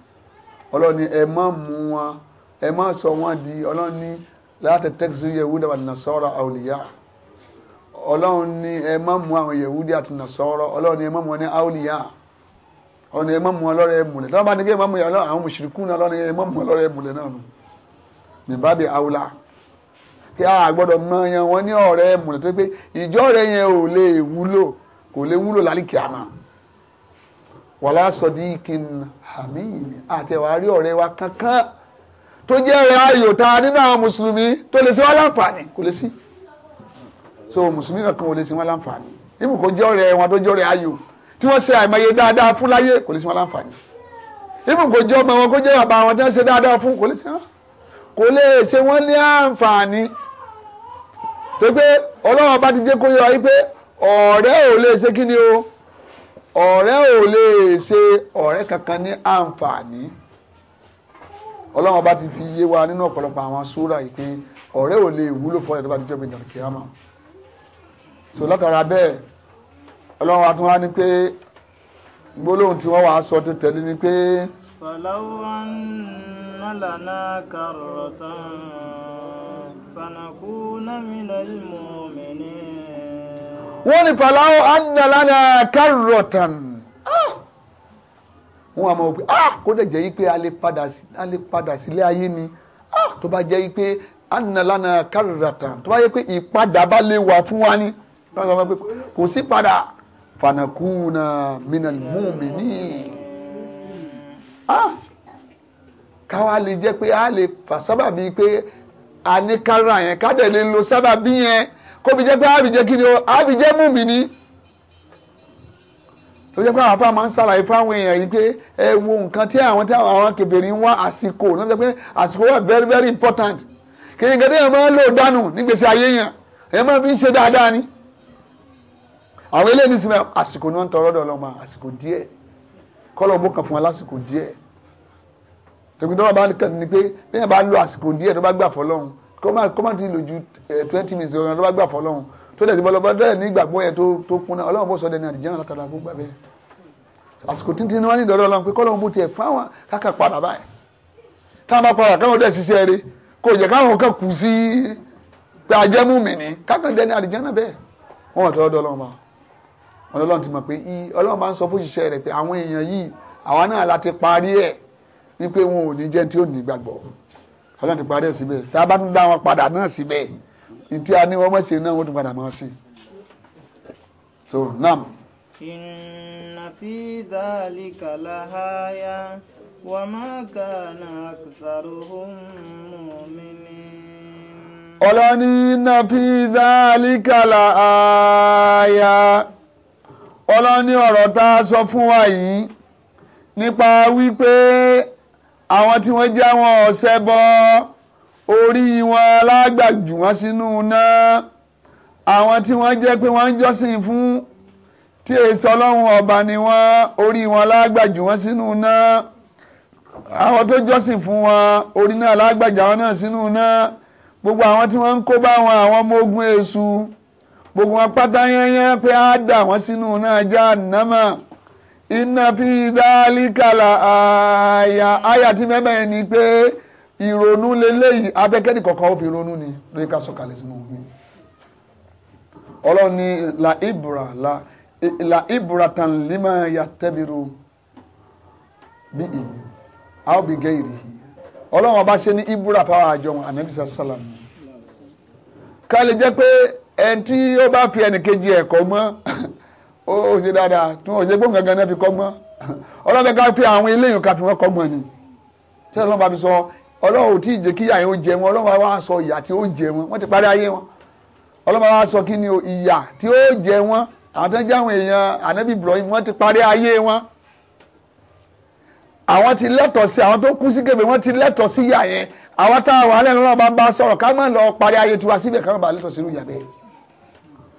ọlọ́ni ẹ má mú wọn ẹ má sọ wọn di ọlọ́ni láti tẹ́kisì yẹ̀wúdà àti nàṣọ́rọ̀ àwòlíyà ọlọ́run ẹ má mú àwọn yẹ̀wúdí àti nàṣọ́rọ̀ ọlọ́run ẹ má mú wọn ní àwòlíyà ẹ má mú ẹ múlẹ̀ ní kí ẹ má mú àwọn mùsùlùkù náà ẹ má mú ẹ múlẹ̀ náà nù àwòlá kí a mọ wọn ní ọ̀rẹ́ wàlá sọdíkìn hamid àtẹ̀wá rí ọ̀rẹ́ wa kankan tó jẹ́ ọ̀rẹ́ ayò ta nínú àwọn mùsùlùmí tó lè ṣe wá láǹfààní kò lè sí so mùsùlùmí kankan ò lè ṣe wá láǹfààní ibùkún jẹ́ ọ̀rẹ́ wọn tó jẹ́ ọ̀rẹ́ ayò tí wọ́n ṣe àìmọye dáadáa fún láyé kò lè ṣe wá láǹfààní ibùkún jẹ́ ọmọ wọn kó jẹ́ bàbá wọn tí wọ́n ṣe dáadáa fún kò lè ṣe wọ́n kò lè ṣe wọ́n ní àǹfààní tó pé ọlọ́run bá ti jẹ́ kó yọ wáyé pé ọ̀rẹ́ ò lè ṣe kí ni o ọ̀rẹ́ ò lè ṣe ọ̀rẹ́ kankan ní àǹfààní ọlọ́run ọba ti fi yé wa nínú ọ̀pọ̀lọpọ̀ àwọn súrà yìí pé ọ̀rẹ́ ò lè wúlò fún ẹ̀dọ́gba àtijọ́ ìgbìyànjú kìámà so látara bẹ́ẹ̀ ọlọ́run àtúnwá ni pé gbólóhùn tí wọ́n wàá ni pé. ìmọ̀ mẹ́rin wọ́n ní pàláwọ́ annalana kárọ̀tàn ah! wọ́n àmọ́ pé ah kó dẹ̀ jẹ́ yí pé a lè padà sílé ayé ni ah tó bá jẹ́ yí pé annalana kárọ̀tàn tó bá yẹ pé ìpadà bá lè wà fún wa ni kò sí padà fanakuna minal mumini ah káwa lè jẹ́ pé a lè fà sábàbí pé a ní kára yẹn ká dẹ̀ lè lo sábàbí yẹn kóbi jẹ́ pé àbí jẹ́ kí ni o àbí jẹ́ mú mi ní. tó jẹ́ pé àwọn afá máa ń ṣàlàyé fáwọn èèyàn yìí pé ẹ wo nǹkan tí àwọn tí àwọn kèbèrè ń wá àsìkò náà jẹ́ pé àsìkò wà very very important kì í nǹkan tí èèyàn máa ń lò dànù nígbèsè ayé yẹn èèyàn máa fi ń ṣe dáadáa ni. àwọn eléyìí ní sinmi àsìkò náà ń tọrọ dọ̀ lọ́mọ àsìkò díẹ̀ kọ́lọ̀ bó kàn fún wa lásìkò díẹ̀ tòkìtọ́ bá kàn ní tó kó má ti lò ju eh, twenty minutes ọ̀rọ̀ tó bá gbà fọ́ lọ́hùn tó dẹ̀ ti bọ́ lọ́bọ́ dẹ̀ ní ìgbàgbọ́ yẹn tó kúnná ọlọ́run bó sọ dẹ̀ ní àdìjẹ́ látara kó gbà bẹ́ẹ̀ àsìkò títí ni wọ́n ní ìdọ̀rọ̀ ọlọ́run pé kọ́lọ́run bó tiẹ̀ fún àwọn kákà padà báyìí táwọn bá padà káwọn dẹ̀ ṣiṣẹ́ rẹ̀ kò jẹ́ káwọn kan kù sí pé ajẹ́mú mi ní kákan dẹ̀ ní àdìjẹ́ náà bẹ́ẹ̀ wọ́n wà tọ́lọ́dọ̀ ọlọ́run bá wọn ọlọ́run ti mọ̀ pé ọlọ́run bá ń sọ fún òṣìṣẹ́ rẹ̀ pé àwọn èèyàn yìí àwa náà láti parí ẹ̀ wípé wọn ò ní jẹ́ tí ó ọlọ́run ti parí ẹ̀ síbẹ̀ tá a bá tún dá wọn padà náà síbẹ̀ ntí a ní wọ́n mọ̀ sí náà wọ́n tún padà mọ̀ sí. so nam. inna fi dhalika lahaya wa ma kana aktharuhum mu'minin. ọlọ́ni inna fi dhalika lahaya ọlọ́ni ọ̀rọ̀ tá a sọ fún wa yìí nípa wípé àwọn tí wọ́n jẹ́ àwọn ọ̀sẹ̀ bọ́ orí wọn alágbàjù wọn sínú náà àwọn tí wọ́n jẹ́ pé wọ́n ń jọ́sìn fún tí èso ọlọ́run ọba ni wọ́n orí wọn alágbàjù wọn sínú náà àwọn tó jọ́sìn fún wọn orí náà alágbàjà wọn náà sínú náà gbogbo àwọn tí wọ́n ń kó bá wọn àwọn ọmọ ogun èṣù gbogbo wọn pátá yẹnyẹn pé á dà wọn sínú náà já nàmà. iná fi dálíkàlà àyà àyà tí mẹ́mẹ́ ni pé ìrònú leléyìí abẹ́kẹ́ni kọ̀ọ̀kan ó fi ronú ni lórí ká sọ̀kalẹ̀ sínú ni la ibra la ibra tan lima ya tẹ́biru bí ìyí a ó bí ọlọ́run ọba ṣe ní ibra fáwọn àjọ anabisa salam ká lè jẹ́ pé ẹni tí ó bá fi ẹnìkejì ẹ̀kọ́ ó ṣe dáadáa tí wọn ò ṣe gbóhùn gangan náà fi kọ́gbọ́n ọlọ́run ká fi àwọn eléyìí ká fi wọ́n kọ́gbọ́n ni tí ọlọ́run bá fi sọ ọlọ́run ò tí ì jẹ́ kí ìyà yẹn ó jẹ wọn ọlọ́run wá sọ ìyà tí ó jẹ wọn wọ́n ti parí ayé wọn ọlọ́run wá sọ kí ni o ìyà tí ó jẹ wọn àwọn tó ń jáwọn èèyàn ànábì Ibrahim wọ́n ti parí ayé wọn àwọn ti lẹ́tọ̀ọ́ sí àwọn tó kú sí kébé wọ́n ti lẹ́tọ̀ọ́ sí ìyà yẹn àwọn táwọn alẹ́ lọ́nà bá ń bá sọ̀rọ̀ ká má lọ parí ayé tiwa síbẹ̀ ká má bàa lẹ́tọ̀ọ́ sírú ìyà bẹ́ẹ̀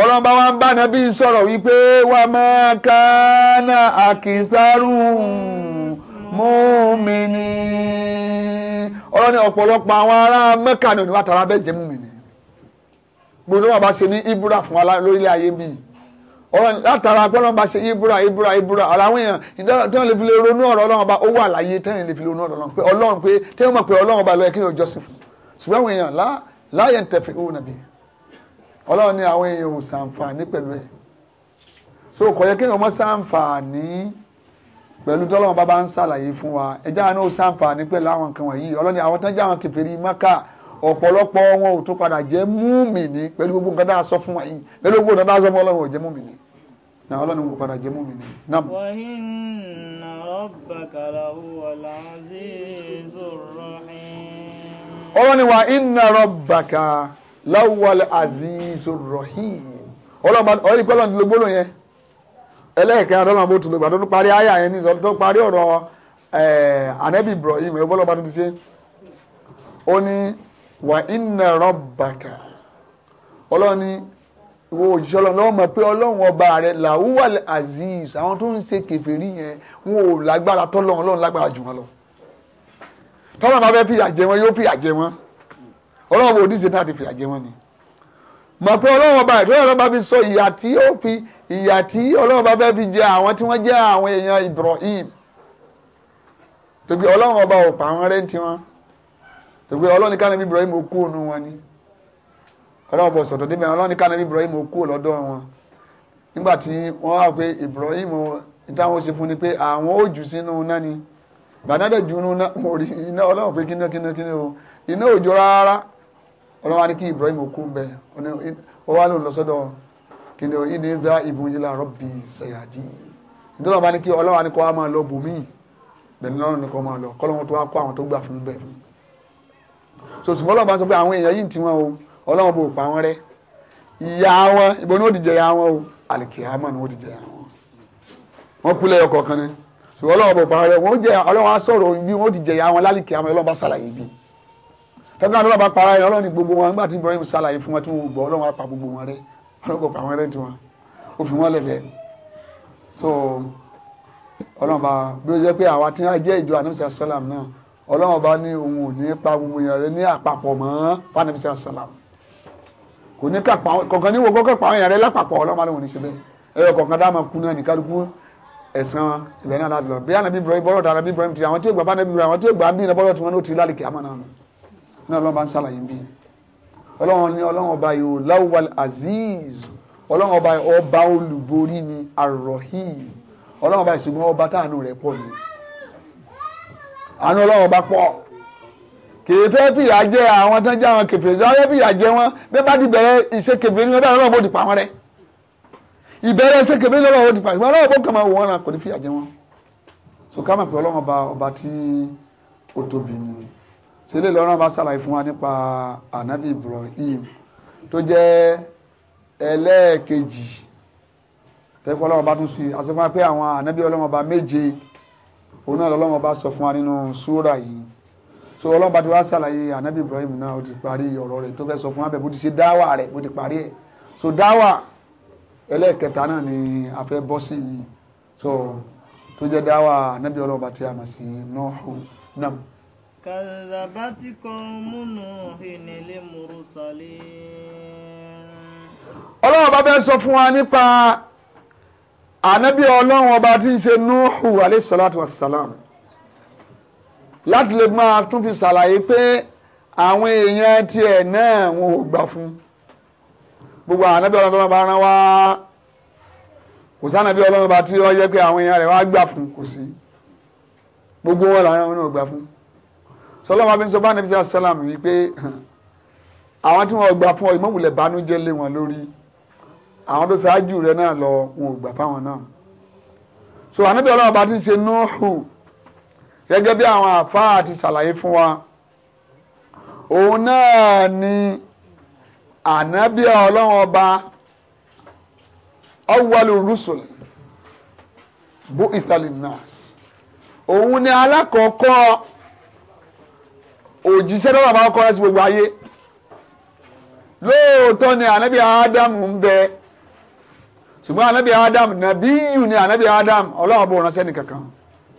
ọlọ́run bá wá ń bá nàbí sọ̀rọ̀ wípé wà máa ká náà àkìsárùn mú mi ni ọlọ́run ní ọ̀pọ̀lọpọ̀ àwọn ará mẹ́kà ní oníwàtàrà bẹ́ẹ̀ jẹ́ mú mi ni gbogbo wọn bá ṣe ní ibura fún wa lórílẹ̀ ayé mi ọ̀rọ̀ látara pé ọlọ́run ṣe ibura ibura ibura ara àwọn èèyàn ìdájọ́ tí wọ́n lè fi lè ronú ọ̀rọ̀ ọlọ́run ọba ó wà láyé tẹ́yìn lè fi ronú ọ̀rọ̀ ọlọ́run pé ọlọ́run pé tẹ́yìn mọ̀ pé ọlọ́run ọba lọ́yẹ kí yóò jọ́sìn fún ṣùgbọ́n àwọn èèyàn láyẹ̀ ń tẹ̀fẹ̀ òun nàbí ọlọ́run ní àwọn èèyàn ò sàǹfààní pẹ̀lú ẹ̀ so kò yẹ kéèyàn mọ́ sàǹfààní pẹ̀lú tọ́lọ́run bá bá ń ṣàlàyé fún wa ẹja àánú ò sàǹfààní pẹ̀lú àwọn nǹkan wọ̀nyí ọlọ́run ní àwọn tán jẹ́ àwọn kèfèrí Mákà ọ̀pọ̀lọpọ̀ wọn ò tún padà jẹ́ múmìnì pẹ̀lú gbogbo nǹkan dáa sọ fún wa yìí pẹ̀lú gbogbo nǹkan dáa sọ fún ọlọ́run ò jẹ́ múmìnì na ọlọ́run kò padà jẹ́ múmìnì náà. inna rabbaka lahuwal láwùwalẹ̀ azizu rahim ọlọ́mọ ọ̀rẹ́ ìpẹ́lọ́ ní gbogbo yẹn ẹlẹ́ẹ̀kẹ́ adọ́nà bó tún lè gbàdọ́ tó parí àyà yẹn ní sọ tó parí ọ̀rọ̀ anabi ibrahim ẹ̀ bọ́lọ́ bá tó ti ṣe ó ní wà inna rabbaka ọlọ́ni wo òṣìṣẹ́ ọlọ́run lọ́wọ́ mọ̀ pé ọlọ́run ọba rẹ̀ làwùwalẹ̀ aziz àwọn tó ń ṣe kèfèrí yẹn wọn ò lágbára tọ́lọ́run ọlọ́run lágbára jù wọn lọ tọ́lọ́run bá fẹ́ fìyà jẹ wọn yóò fìyà jẹ wọn ọlọ́run bò díje náà ti fìyà jẹ wọ́n ni mọ̀ pé ọlọ́run ọba ìdúró ọlọ́run bá fi sọ ìyà tí ó fi ìyà tí ọlọ́run bá fẹ́ fi jẹ àwọn tí wọ́n jẹ́ àwọn èèyàn Ibrahim tòbí ọlọ́run ọba ò pa àwọn rẹ̀ ń tiwọn tòbí ọlọ́run ká nàbí Ibrahim ó kú ònú wọn ni ọlọ́run bọ̀ sọ̀tọ̀ débẹ̀ ọlọ́run ká nàbí Ibrahim ó kú lọ́dọ̀ wọn nígbà tí wọ́n wá pé Ibrahim ìtàwọn ó ṣe fún ni pé àwọn ó jù sínú náà ni bàdádẹ̀ jù nínú náà mo rí iná ọlọ́run pé kíná kíná kíná o iná òjò rárá ọlọ́wà ní kí Ibrahim kú ń bẹ ó wá lòun lọ sọ́dọ̀ kí ni ìní dá ìbùn yìí bá ní kí ọlọ́wà ní kó máa lọ bùnmí bẹ̀rẹ̀ lọ́rùn ní kó máa lọ kọ́lọ́wọ́n tó wá àwọn tó gbà fún bẹ́ẹ̀ so ṣùgbọ́n ọlọ́wà bá sọ pé àwọn èèyàn yìí ti wọn o bò pa wọn ìyá wọn ìbò ó ti jẹyà wọn o ni ó tọ́gbà náà bá para ẹ̀ ọlọ́run ní gbogbo wọn nígbà tí Ibrahim ṣàlàyé fún wọn tí wọn gbọ́ ọlọ́run apá gbogbo wọn rẹ ọlọ́run pa wọn rẹ tiwọn ó fi wọn lẹ̀fẹ̀ so ọlọ́run bá bí ó jẹ́ pé àwa tí wọ́n jẹ́ ìjọ anamisa salam náà ọlọ́run bá ní òun ò ní pa gbogbo yẹn rẹ ní àpapọ̀ mọ́ fanamisa salam kò ní kápá kọ̀ọ̀kan ní wo kọ́kọ́ pa àwọn yẹn rẹ lápapọ̀ ọlọ́run bá lóun ní ṣe bẹ́ẹ̀ ẹ̀yọ kọ̀ọ̀kan dá máa kú náà ní kálukú ẹ̀sán ilẹ̀ ní ọlọ́run bá ń ṣàlàyé bí ọlọ́run ní ọlọ́run ọba yìí láwùwal aziz ọlọ́run ọba ọba olùborí ni arrohim ọlọ́run ọba ìṣùgbọ́n ọba táànù rẹ̀ pọ̀ ni àánú ọlọ́run ọba pọ̀ kìí fẹ́ fìyà jẹ àwọn tó ń jẹ àwọn kẹfẹ́ ìjọba fẹ́ fìyà jẹ wọn bẹ́ẹ̀ bá ti bẹ̀rẹ̀ iṣẹ́ kẹfẹ́ ní ọlọ́run ọba ò ti pa wọn rẹ̀ ìbẹ̀rẹ̀ iṣẹ́ kẹfẹ́ ní ọlọ́run ọba ò ti pa wọn ọlọ́run ọba kàn máa wọ̀ wọn kò ní fìyà jẹ wọn so ká mọ̀ pé ọlọ́run ọba ọba tí ó tóbi ni sílẹ̀ lọ́rọ̀ bá ṣàlàyé fún wa nípa anabi Ibrahim tó jẹ́ ẹlẹ́ẹ̀kejì tẹ́kọ̀ ọlọ́run bá tún sí àṣepá pé àwọn anabi ọlọ́run bá méje òun náà lọ́lọ́run bá sọ fún wa nínú súrà yìí so ọlọ́run bá ti wá ṣàlàyé anabi Ibrahim náà ó ti parí ọ̀rọ̀ rẹ̀ tó fẹ́ sọ fún wa bẹ̀ bó ti ṣe dáwà rẹ̀ bó ti parí ẹ̀ so dáwà ẹlẹ́ẹ̀kẹta náà ni a fẹ́ bọ́ sí yìí so tó jẹ́ dáwà anabi ọlọ́run bá ti àmà sí náà. كذبت قوم نوح للمرسلين ọlọ́run bá fẹ́ sọ fún wa nípa ànábì ọlọ́run ọba tí ń ṣe núhù aleyhisalatu wasalam láti lè máa tún fi ṣàlàyé pé àwọn èèyàn tiẹ̀ náà wọn ò gbà fún gbogbo ànábì ọlọ́run ọba rán wá kò sànábì ọlọ́run ọba tí ó yẹ pé àwọn èèyàn rẹ̀ wá gbà fún kò sí gbogbo wọn làwọn ò gbà fún sọlọ́wọ́n bí n sọ bá nàbí sàlá sàlám wípé àwọn tí wọ́n gbà fún ọ ìmọ̀wùlẹ̀ bánújẹ́ lé wọn lórí àwọn tó ṣáájú rẹ náà lọ wọn ò gbà fáwọn náà so ànábì ọlọ́run bá ti ń ṣe nóòhù gẹ́gẹ́ bí àwọn àfáà àti ṣàlàyé fún wa òun náà ni ànábì ọlọ́run ọba awwalu rusul bu isalim nas òun ni alákọ̀ọ́kọ́ òjíṣẹ́ náà bàbá kọ́ra sí gbogbo ayé lóòótọ́ ni ànábì ádámù ń bẹ ṣùgbọ́n ànábì ádámù nàbí yù ni ànábì Adam, ọlọ́run bò ránṣẹ́ ní kankan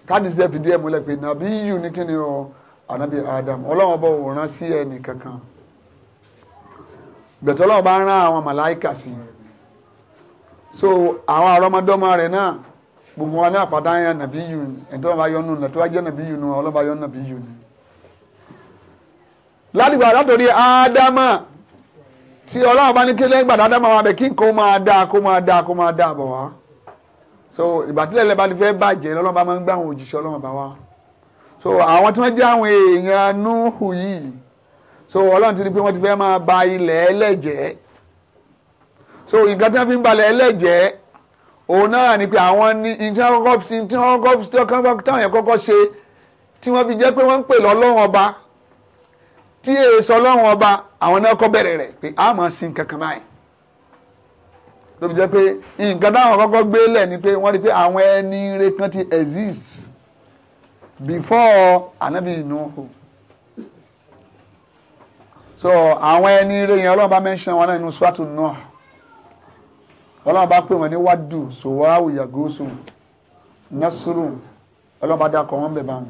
kádìsí dẹ̀ fìdí ẹ̀ múlẹ̀ pé nàbí yù ni kí ni o ànábì Adam, ọlọ́run bò rán sí ẹ̀ ní kankan bẹ̀tẹ̀ ọlọ́run bá rán àwọn màláìkà sí so àwọn àrọ́mọdọ́mọ rẹ̀ náà gbogbo wọn ní àpàdánù nàbí yù ni ẹ̀ńtọ́ bá yọnu nàbí yù ni ọlọ́run bá nàbí yù ni ládìgbà látòrí ádámà tí ọlọ́run bá ní kí lẹ́yìn gbàdá ádámà wà bẹ̀ kí nǹkan máa dáa kó máa dáa kó máa dáa bọ̀ wá so ìgbà tí lẹ́lẹ́ bá ti fẹ́ bàjẹ́ lọ́lọ́run bá máa ń gbé àwọn òjíṣẹ́ ọlọ́run bá wá so àwọn tí wọ́n jẹ́ àwọn èèyàn núhù yìí so ọlọ́run ti ní pé wọ́n ti fẹ́ máa ba ilẹ̀ ẹlẹ́jẹ́ so nǹkan tí wọ́n fi ń balẹ̀ ẹlẹ́jẹ́ òun náà ni pé àwọn ní iṣẹ́ kọ́kọ́ sí tí wọ́n kọ́kọ́ táwọn yẹn kọ́kọ́ ṣe tí wọ́n fi jẹ́ pé wọ́n ń pè lọ́lọ́run ọba tí èso ọlọ́run ọba àwọn náà kọ́ bẹ̀rẹ̀ rẹ̀ pé a máa sin kankan báyìí lóbi jẹ́ pé nǹkan táwọn kọ́kọ́ gbé lẹ̀ ni pé wọ́n rí pé àwọn ẹni rẹ kan ti exist before anabi nuhu so àwọn ẹni rẹ yẹn ọlọ́run bá mention wọn náà nínú swatu nuh ọlọ́run bá pè wọ́n ní wádù sòwáwù yàgòsù násùrù ọlọ́run bá dákọ̀ wọ́n bẹ̀ bá wọn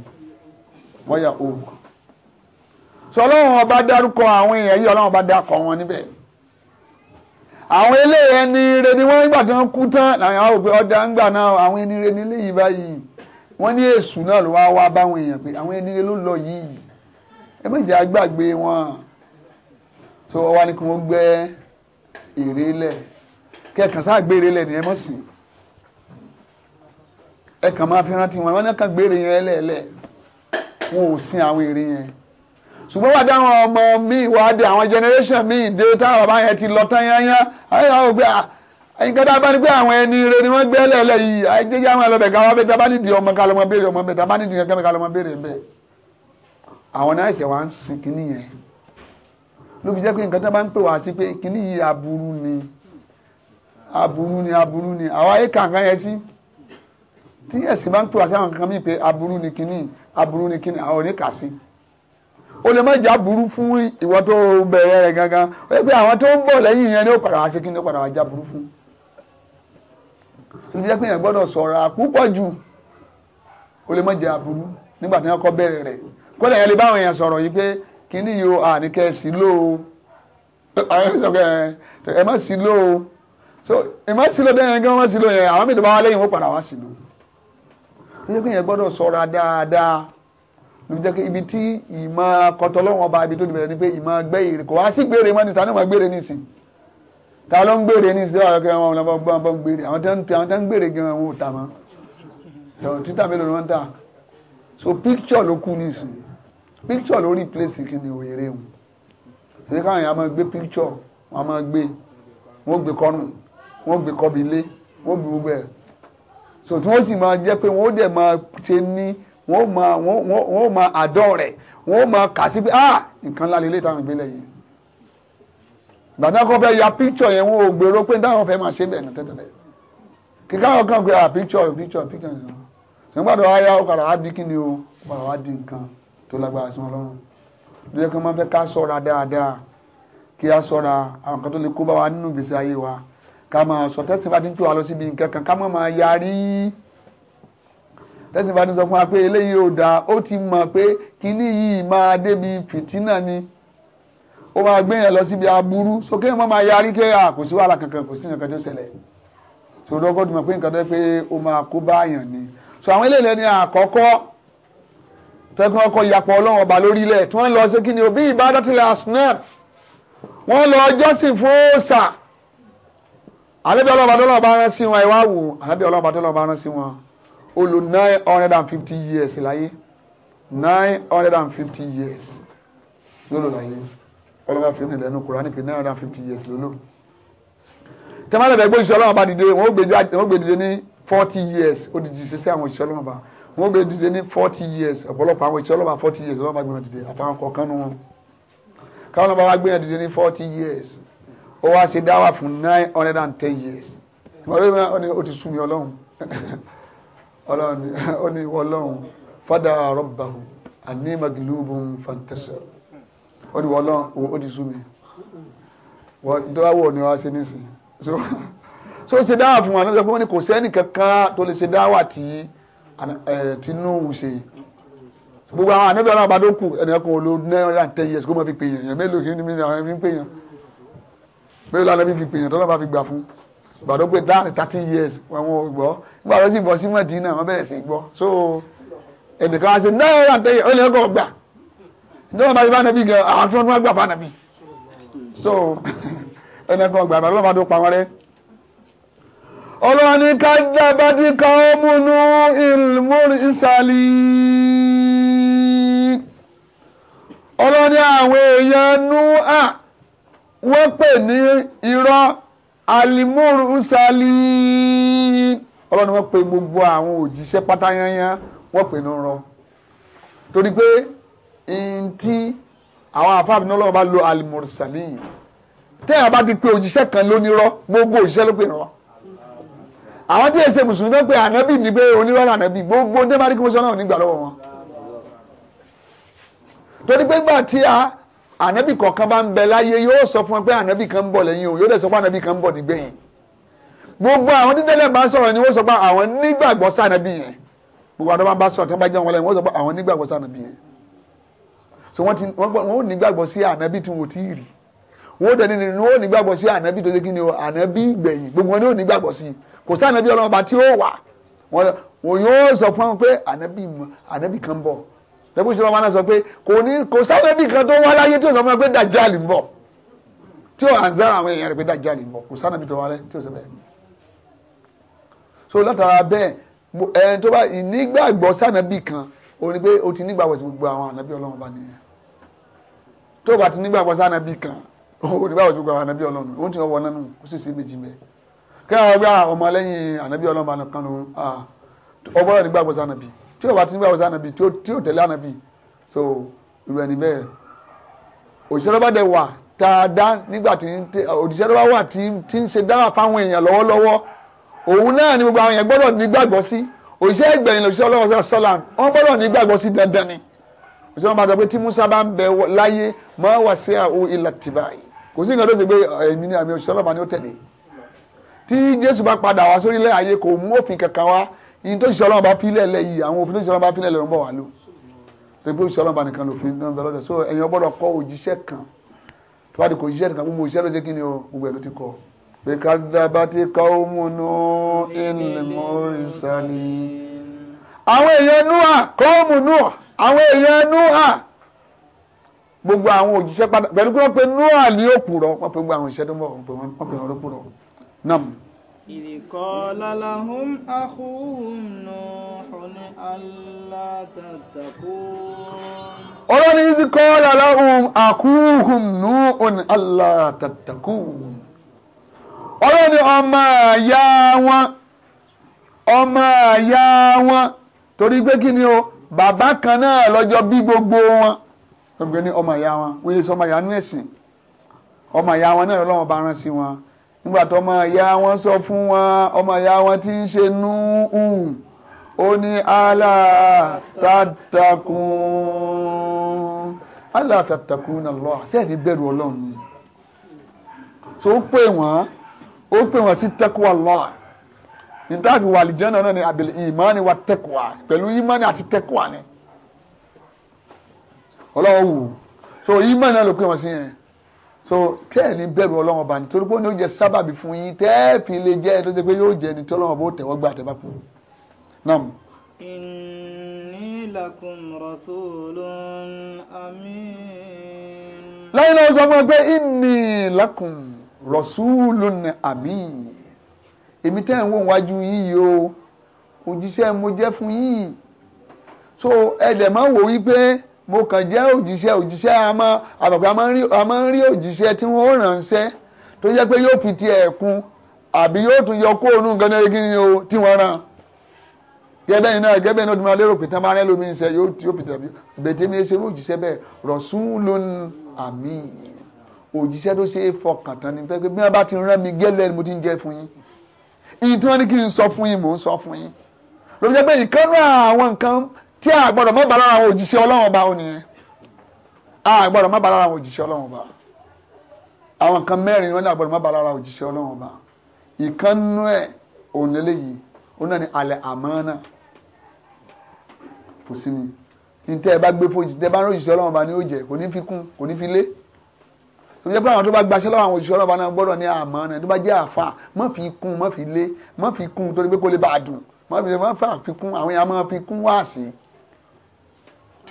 wọ́n yà òògùn. sọlọ́run ọba dárúkọ àwọn èèyàn yìí ọlọ́run ọba dákọ̀ wọn níbẹ̀ àwọn eléyìí ẹni ire ni wọ́n gbà tí wọ́n kú tán làwọn ọjà ń gbà náà àwọn ẹni ni yìí. báyìí wọ́n ní èṣù náà ló wá wá báwọn èèyàn pé àwọn ẹni ire ló lọ yìí ẹ má jẹ́ wọn tó wá ní kí wọ́n gbẹ́ lẹ̀ sáà gbé lẹ̀ mọ̀ sí ẹ máa fi rántí wọn ní gbé yẹn lẹ̀ lẹ̀ ṣùgbọ́n wà dé àwọn ọmọ míì wà dé àwọn generation míì dé táwọn bàbá yẹn ti lọ tán yányá àwọn yàrá ògbé nǹkan tá a bá ní pé àwọn ẹni rẹ ni wọ́n gbẹ́ lẹ́lẹ́ yìí àìjẹ́ yá wọn lọ́bẹ̀ káwọn bẹ́ẹ̀ tábà nídìí ọmọ ká lọ́mọ béèrè ọmọ bẹ́ẹ̀ tábà nídìí kankan ká lọ́mọ béèrè bẹ́ẹ̀ àwọn náà ṣẹ̀ wá ń sin kínní yẹn ló fi jẹ́ pé nǹkan tá a bá ń pè wá sí pé kínní yìí aburú ni aburú ni aburú ni àwa ayé kàǹkan yẹn sí tí ẹ̀sìn bá ń pè wá sí àwọn kankan míì pé aburú ni kínní aburú ni kínní àwọn ò ní kà sí ó lè má jà fún ìwọ tó bẹ̀rẹ̀ rẹ̀ gangan ó yẹ pé àwọn tó ń bọ̀ lẹ́yìn yẹn ni ó padà sí kí ni ó padà wá fún. ìdílé pé yẹn gbọ́dọ̀ jù ó lè má jà burú nígbà tí wọ́n kọ́ bẹ̀rẹ̀ rẹ̀ kọ́lẹ̀ yẹn lè sọ̀rọ̀ yìí pé kí ni yóò so má sí sí ibi tí ìmọ̀ akọtọ́lọ́wọ́n ọba ibi tó ti bẹ̀rẹ̀ ni pé ìmọ̀ gbẹ́ ìrè kò wá sí gbére mọ́ ni ta ni wọ́n gbére nísìn ta ló ń gbére nísìn tí wọ́n àwọn ọ̀nà bọ́ bọ́ ń gbére àwọn tẹ́ ń gbére gan wọn ò ta mọ́ sọ̀rọ̀ títà mélòó ni wọ́n ń ta so picture ló kú nísìn picture ló rí place kí ni òyèrè wọn ṣe káwọn èèyàn máa gbé picture wọn máa gbé wọn gbé kọrùn wọn gbé kọbi ilé wọn gbé gbogbo ẹ̀ so tí wọ́n sì máa jẹ́ pé wọ́n dẹ̀ máa ṣe ní wọ́n mọ wọ́n mọ àdọ́ rẹ̀ wọ́n mọ kà sí pé ah nǹkan ńlá lélẹ́ táwọn ìgbélẹ̀ yìí gbàdákọ́ fẹ́ ya píkṣọ̀ yẹn wọn ò gbèrò pé táwọn fẹ́ máa ṣe bẹ́ẹ̀ nù tẹ́tẹ́lẹ̀ kíkà wọn kàn pé ah píkṣọ̀ píkṣọ̀ píkṣọ̀ yẹn sọgbàdọ̀ ayá ó padà wá kí ni o ó padà wá di nǹkan tó lágbára sí wọn lọ́rùn lóye kí wọ́n máa fẹ́ ká sọ́ra dáadáa kí á sọ́ra àwọn kan tó lè kó bá wa nínú ìgbésí ayé wa ká máa sọ tẹ́sí bá ti ń lọ síbi nǹkan kan ká má máa yarí tẹ́sí bá ti sọ fún wa pé eléyìí ò dáa ó ti mọ̀ pé kinní yìí máa débi fìtínà ni ó máa gbé yẹn lọ síbi aburú sókè wọn máa yarí kí a kò sí wàhálà kankan kò sí nǹkan tó ṣẹlẹ̀ sọdọ gbọ́dọ̀ mọ̀ pé nǹkan tó yẹ pé ó máa kó báyàn ni so àwọn eléyìí lẹni àkọ́kọ́ tẹkùn ọkọ ìyàpọ̀ ọlọ́run ọba lórílẹ̀ tí wọ́n lọ sí kí ni òbí ìbádọ́tìlẹ̀ asnaf wọ́n lọ jọ́sìn fún òòṣà àlẹ́bí ọlọ́run ọba tó lọ́ọ́ bá rán sí wọn ẹ wá wò àlẹ́bí ọlọ́run ọba tó lọ́ọ́ bá rán sí wọn ó lò nine hundred and fifty years láyé nine hundred and fifty years ló lò láyé ọlọ́wọ́ fi ní ìlẹ́nu Kùránì pé nine hundred and fifty years ló lò tẹ́mọ́lẹ̀ bẹ́ẹ̀ gbóṣìṣẹ́ ọlọ́wọ́ bá dìde wọ́n gbé dìde ní forty years ó dìde ṣiṣẹ́ àwọn òṣìṣẹ́ ọlọ́wọ́ bá wọ́n gbé dìde ní forty years ọ̀pọ̀lọpọ̀ àwọn òṣìṣẹ́ ọlọ́wọ́ bá forty years ọlọ́wọ́ bá gbé wọn dìde àtàwọn kọ̀ọ̀kan nù wọn káwọn ọlọ́wọ́ bá gbé wọn dìde ní forty years ó wá ṣe dáwà fún nine hundred and ten years ìmọ̀lẹ́ mi ó ti ọlọ́run ó ní ìwọ ọlọ́run fada rabbahu anni maglubun fantasir ó ní ìwọ ọlọ́run ó ti sú mi wọ́n dọ́wọ́ ni wọ́n á ṣe nísìnyí so ṣe dáwà fún wa lọ́jọ́ pé wọ́n ní kò sẹ́ni kankan tó lè ṣe dáwà tí Tinubu ṣe gbogbo àwọn ànábì ọlọ́run àbádó kù ẹnì kan olo náírà ten years kó mọ̀ fi pèèyàn èèyàn mélòó kí ni mi ni àwọn ẹni fi ń pèèyàn mélòó lànà fi pèèyàn tọ́lọ́ bá fi gbà fún un gbàdó pé láàrin thirteen years wọn ò gbọ́ gbàdó sì bọ́ sí Mẹ́dínà wọn bẹ̀rẹ̀ sí gbọ́ so ẹnìkan wá sí náírà tẹ́yẹ ó lè kọ́ gbà nítorí wọn bá ti bá nàbí gan àwọn tí wọn tún wá gbà bá nàbí so ẹnìkan gbà bàbá bá tó pa wọn rẹ. ọlọ́ni ká dábàá ti ka ọmúnú ìlmúrin ìsàlì ọlọ́ni àwọn èèyàn nú à wọ́n pè ní irọ́ alimurusali ọlọ́run ni wọ́n pe gbogbo àwọn òjíṣẹ́ pátáyányá wọ́n pè ní rọ torí pé ntí àwọn àfáàbí náà lọ́wọ́ bá lo alimurusali tẹ́yà bá ti pe òjíṣẹ́ kan lónírọ́ gbogbo òjíṣẹ́ ló pè ní rọ àwọn tí èsè mùsùlùmí náà pé ànábì ní pé onírọ́ ànábì gbogbo tẹ́yà bá rí kí wọ́n sọ náà nígbà lọ́wọ́ wọn torí pé gbà tí a ànábì kọ̀ọ̀kan bá ń bẹ láyé yóò sọ fún ẹ pé ànábì kan ń bọ̀ lẹ́yìn o yóò dẹ̀ sọ pé ànábì kan ń bọ̀ nígbẹ̀yìn gbogbo àwọn títẹ́lẹ̀ bá sọ̀rọ̀ ni wọ́n sọ pé àwọn nígbàgbọ́ sànábì yẹn gbogbo àwọn tó bá sọ̀rọ̀ tó bá jẹ́ wọn lẹ́yìn wọ́n sọ pé àwọn nígbàgbọ́ sànábì yẹn so wọ́n ti wọ́n ò nígbàgbọ́ sí ànábì tí wọ́n ò tí ì rí wọ́n dẹ̀ nínú wọ́n ò nígbàgbọ́ sí ànábì tó ṣe kí ni o ànábì ìgbẹ̀yìn gbogbo wọn ni ò nígbàgbọ́ sí kò sí ànábì ọlọ́mọba tí ó wà wọ́n yóò sọ fún wọn pé ànábì kan bọ̀ lẹ́gbẹ́ ìṣòro wọn sọ pé kò ní kò sáré bí kan tó wá láyé tí ò sọ fún ẹ pé dàjálì ń bọ̀ tí ò àǹzá àwọn èèyàn rẹ̀ pé dàjálì ń bọ̀ kò sáré bí tó wá láyé tí ò sọ so látara bẹ́ẹ̀ ẹni tó bá ìnígbàgbọ́ sáré bí kan ò ní pé o ti nígbàgbọ́ sí gbogbo àwọn ànábì ọlọ́run bá nìyẹn tó bá ti nígbàgbọ́ sáré bí kan ò ní báwo sí gbogbo àwọn ànábì ọlọ́run ó ti wọ́n wọ́n nánú kó sì sí méjì mẹ́ kí àwọn ọmọ lẹ́yìn ànábì ọlọ́run bá nìkan ló ọgbọ́n nígbàgbọ́ sáré bí tí ò bá ti nígbàgbọ́ sí ànábì tí ò tẹ̀lé ànábì so irú ẹni bẹ́ẹ̀ òṣìṣẹ́ lọ́ba dẹ̀ wà dáadáa nígbà tí òṣìṣẹ́ lọ́ba wà tí ń ṣe dára fáwọn èèyàn lọ́wọ́lọ́wọ́ òun náà ni gbogbo àwọn èèyàn gbọ́dọ̀ nígbàgbọ́ sí òṣìṣẹ́ ìgbẹ̀yìn lòṣìṣẹ́ ọlọ́wọ́ sọ́lá wọn gbọ́dọ̀ nígbàgbọ́ sí dandan ni òṣìṣẹ́ wọn bá sọ pé tí Musa bá ń bẹ láyé máa wà sí àwọn ilà tìbáyì kò sí nǹkan tó ṣe pé èmi ni àmì òṣìṣẹ́ ọlọ́ba ni ó tẹ̀lé tí Jésù bá padà wá sórílẹ̀ ayé kò mú òfin kankan wá yìí tó ṣiṣẹ́ ọlọ́run bá pílẹ̀ lẹ̀ yìí àwọn òfin tó ṣiṣẹ́ ọlọ́run bá pílẹ̀ lẹ̀ ń bọ̀ wá lò tó pé òṣìṣẹ́ ọlọ́run bá nìkan lòfin náà bẹ̀rẹ̀ lọ́dọ̀ so ẹ̀yin ọgbọ́dọ̀ kọ́ òjíṣẹ́ kan tó bá di kò òjíṣẹ́ kan gbogbo òṣìṣẹ́ ló ṣe kí ni o gbogbo ẹ̀ ló ti kọ́. bíkadabati qaumunu ilmursali. àwọn èèyàn núhà kọ́ọ̀mù núhà àwọn èèyàn núhà gbogbo àwọn òjíṣẹ́ padà pẹ̀lú pé wọ́n pe núhà ní òpùrọ̀ wọ́n pe gbogbo àwọn òṣìṣẹ́ tó ń bọ̀ wọ́n pe wọ́n lópùrọ̀ náà. إذ قال لهم أخوهم نوح ألا تتقون ọlọ́run ní sí kọ́ọ́lá láhùn àkúhùn nùún aláàtàtàkùn ọlọ́run ní ọmọ àyà wọn ọmọ àyà wọn torí pé kí ni o bàbá kan náà lọ́jọ́ bí gbogbo wọn ọgbẹ́ ọmọ àyà wọn wọ́n ọmọ àyà nú ẹ̀sìn ọmọ àyà wọn náà lọ́wọ́ bá rán sí wọn nígbà tó ọmọ ìyá wọn sọ fún wọn ọmọ ìyá wọn tí ń ṣe núhù ó ní aláàtàtàkùn aláàtàtàkùn náà lọ sẹ́ẹ̀ni bẹ̀rù ọlọ́run ni tó pè wọ́n ó pè wọ́n sí tẹ́kùwà lọ́à nítàbí wà lìjẹ́ náà ní àbẹ̀lẹ̀ ìmánì wa tẹ́kùwà pẹ̀lú ìmánì àti tẹ́kùwà ni ọlọ́wọ́ wù so ìmánì náà ló pè wọ́n sí yẹn so tẹ́ ẹ̀ ní bẹ̀rù ọlọ́wọ́n bá ní torí pé ó ní ó jẹ sábàbí fún yín tẹ́ ẹ̀ fi lè jẹ́ ẹ tó ṣe pé yóò jẹ ẹni tí ọlọ́wọ́n bó tẹ̀wọ́ gbà tẹ́ bá kú. nam. inni lakum rasulun amin. lẹ́yìn náà sọ fún ẹ pé inni lakum rasulun amin èmi tẹ́ ẹ̀ ń wò wájú yìí o òjíṣẹ́ mo jẹ́ fún yìí so ẹ̀ dẹ̀ máa wò wípé mo kàn jẹ́ òjíṣẹ́ òjíṣẹ́ àmọ́ àbàbà àmọ́ ń rí òjíṣẹ́ tí wọ́n ránṣẹ́ tó jẹ́ pé yóò fi ti ẹ̀kún àbí yóò tún yọ kóònù gan ní kíni o tí wọ́n rán gẹ́gẹ́ iná gẹ́gẹ́ iná ọdún lérò pé tán bá rẹ́ lómi ń sẹ yóò tí ó pìtàbí bẹ̀tẹ̀ mi ṣe òjíṣẹ́ bẹ́ẹ̀ rọ̀súlùn àmì òjíṣẹ́ tó ṣe é fọkàn tán ni pé bí wọ́n bá ti rán mi gẹ́lẹ́ mo ti ń jẹ́ fún yín ìyí tí kí n sọ fún yín mò ń sọ fún yín lóbi jẹ́ pé ìkánú àwọn nǹkan tí a gbọ́dọ̀ má bà lára àwọn òjíṣẹ́ Ọlọ́run ọba ó nìyẹn a gbọ́dọ̀ má ba, lára àwọn òjíṣẹ́ Ọlọ́run ọba àwọn nǹkan mẹ́rin wọn ní a gbọ́dọ̀ má bà lára òjíṣẹ́ Ọlọ́run ọba ìkànnú ẹ̀ òun eléyìí òun náà ni alẹ́ àmánà kò sí ni ntẹ́ ẹ bá gbé fún òjíṣẹ́ bá ń ròjìṣẹ́ Ọlọ́run ọba ni ó jẹ kò ní fi kún kò ní fi lé tòun jẹ́ pé àwọn tó bá gbaṣẹ́ lọ́wọ́ àwọn òjíṣẹ́ Ọlọ́run náà gbọ́dọ̀ ní àmánà tó bá jẹ́ àfa má fi kún má fi lé má fi kún torí pé kó lè bá a dùn má fi kún àwọn èèyàn má fi kún wáàsí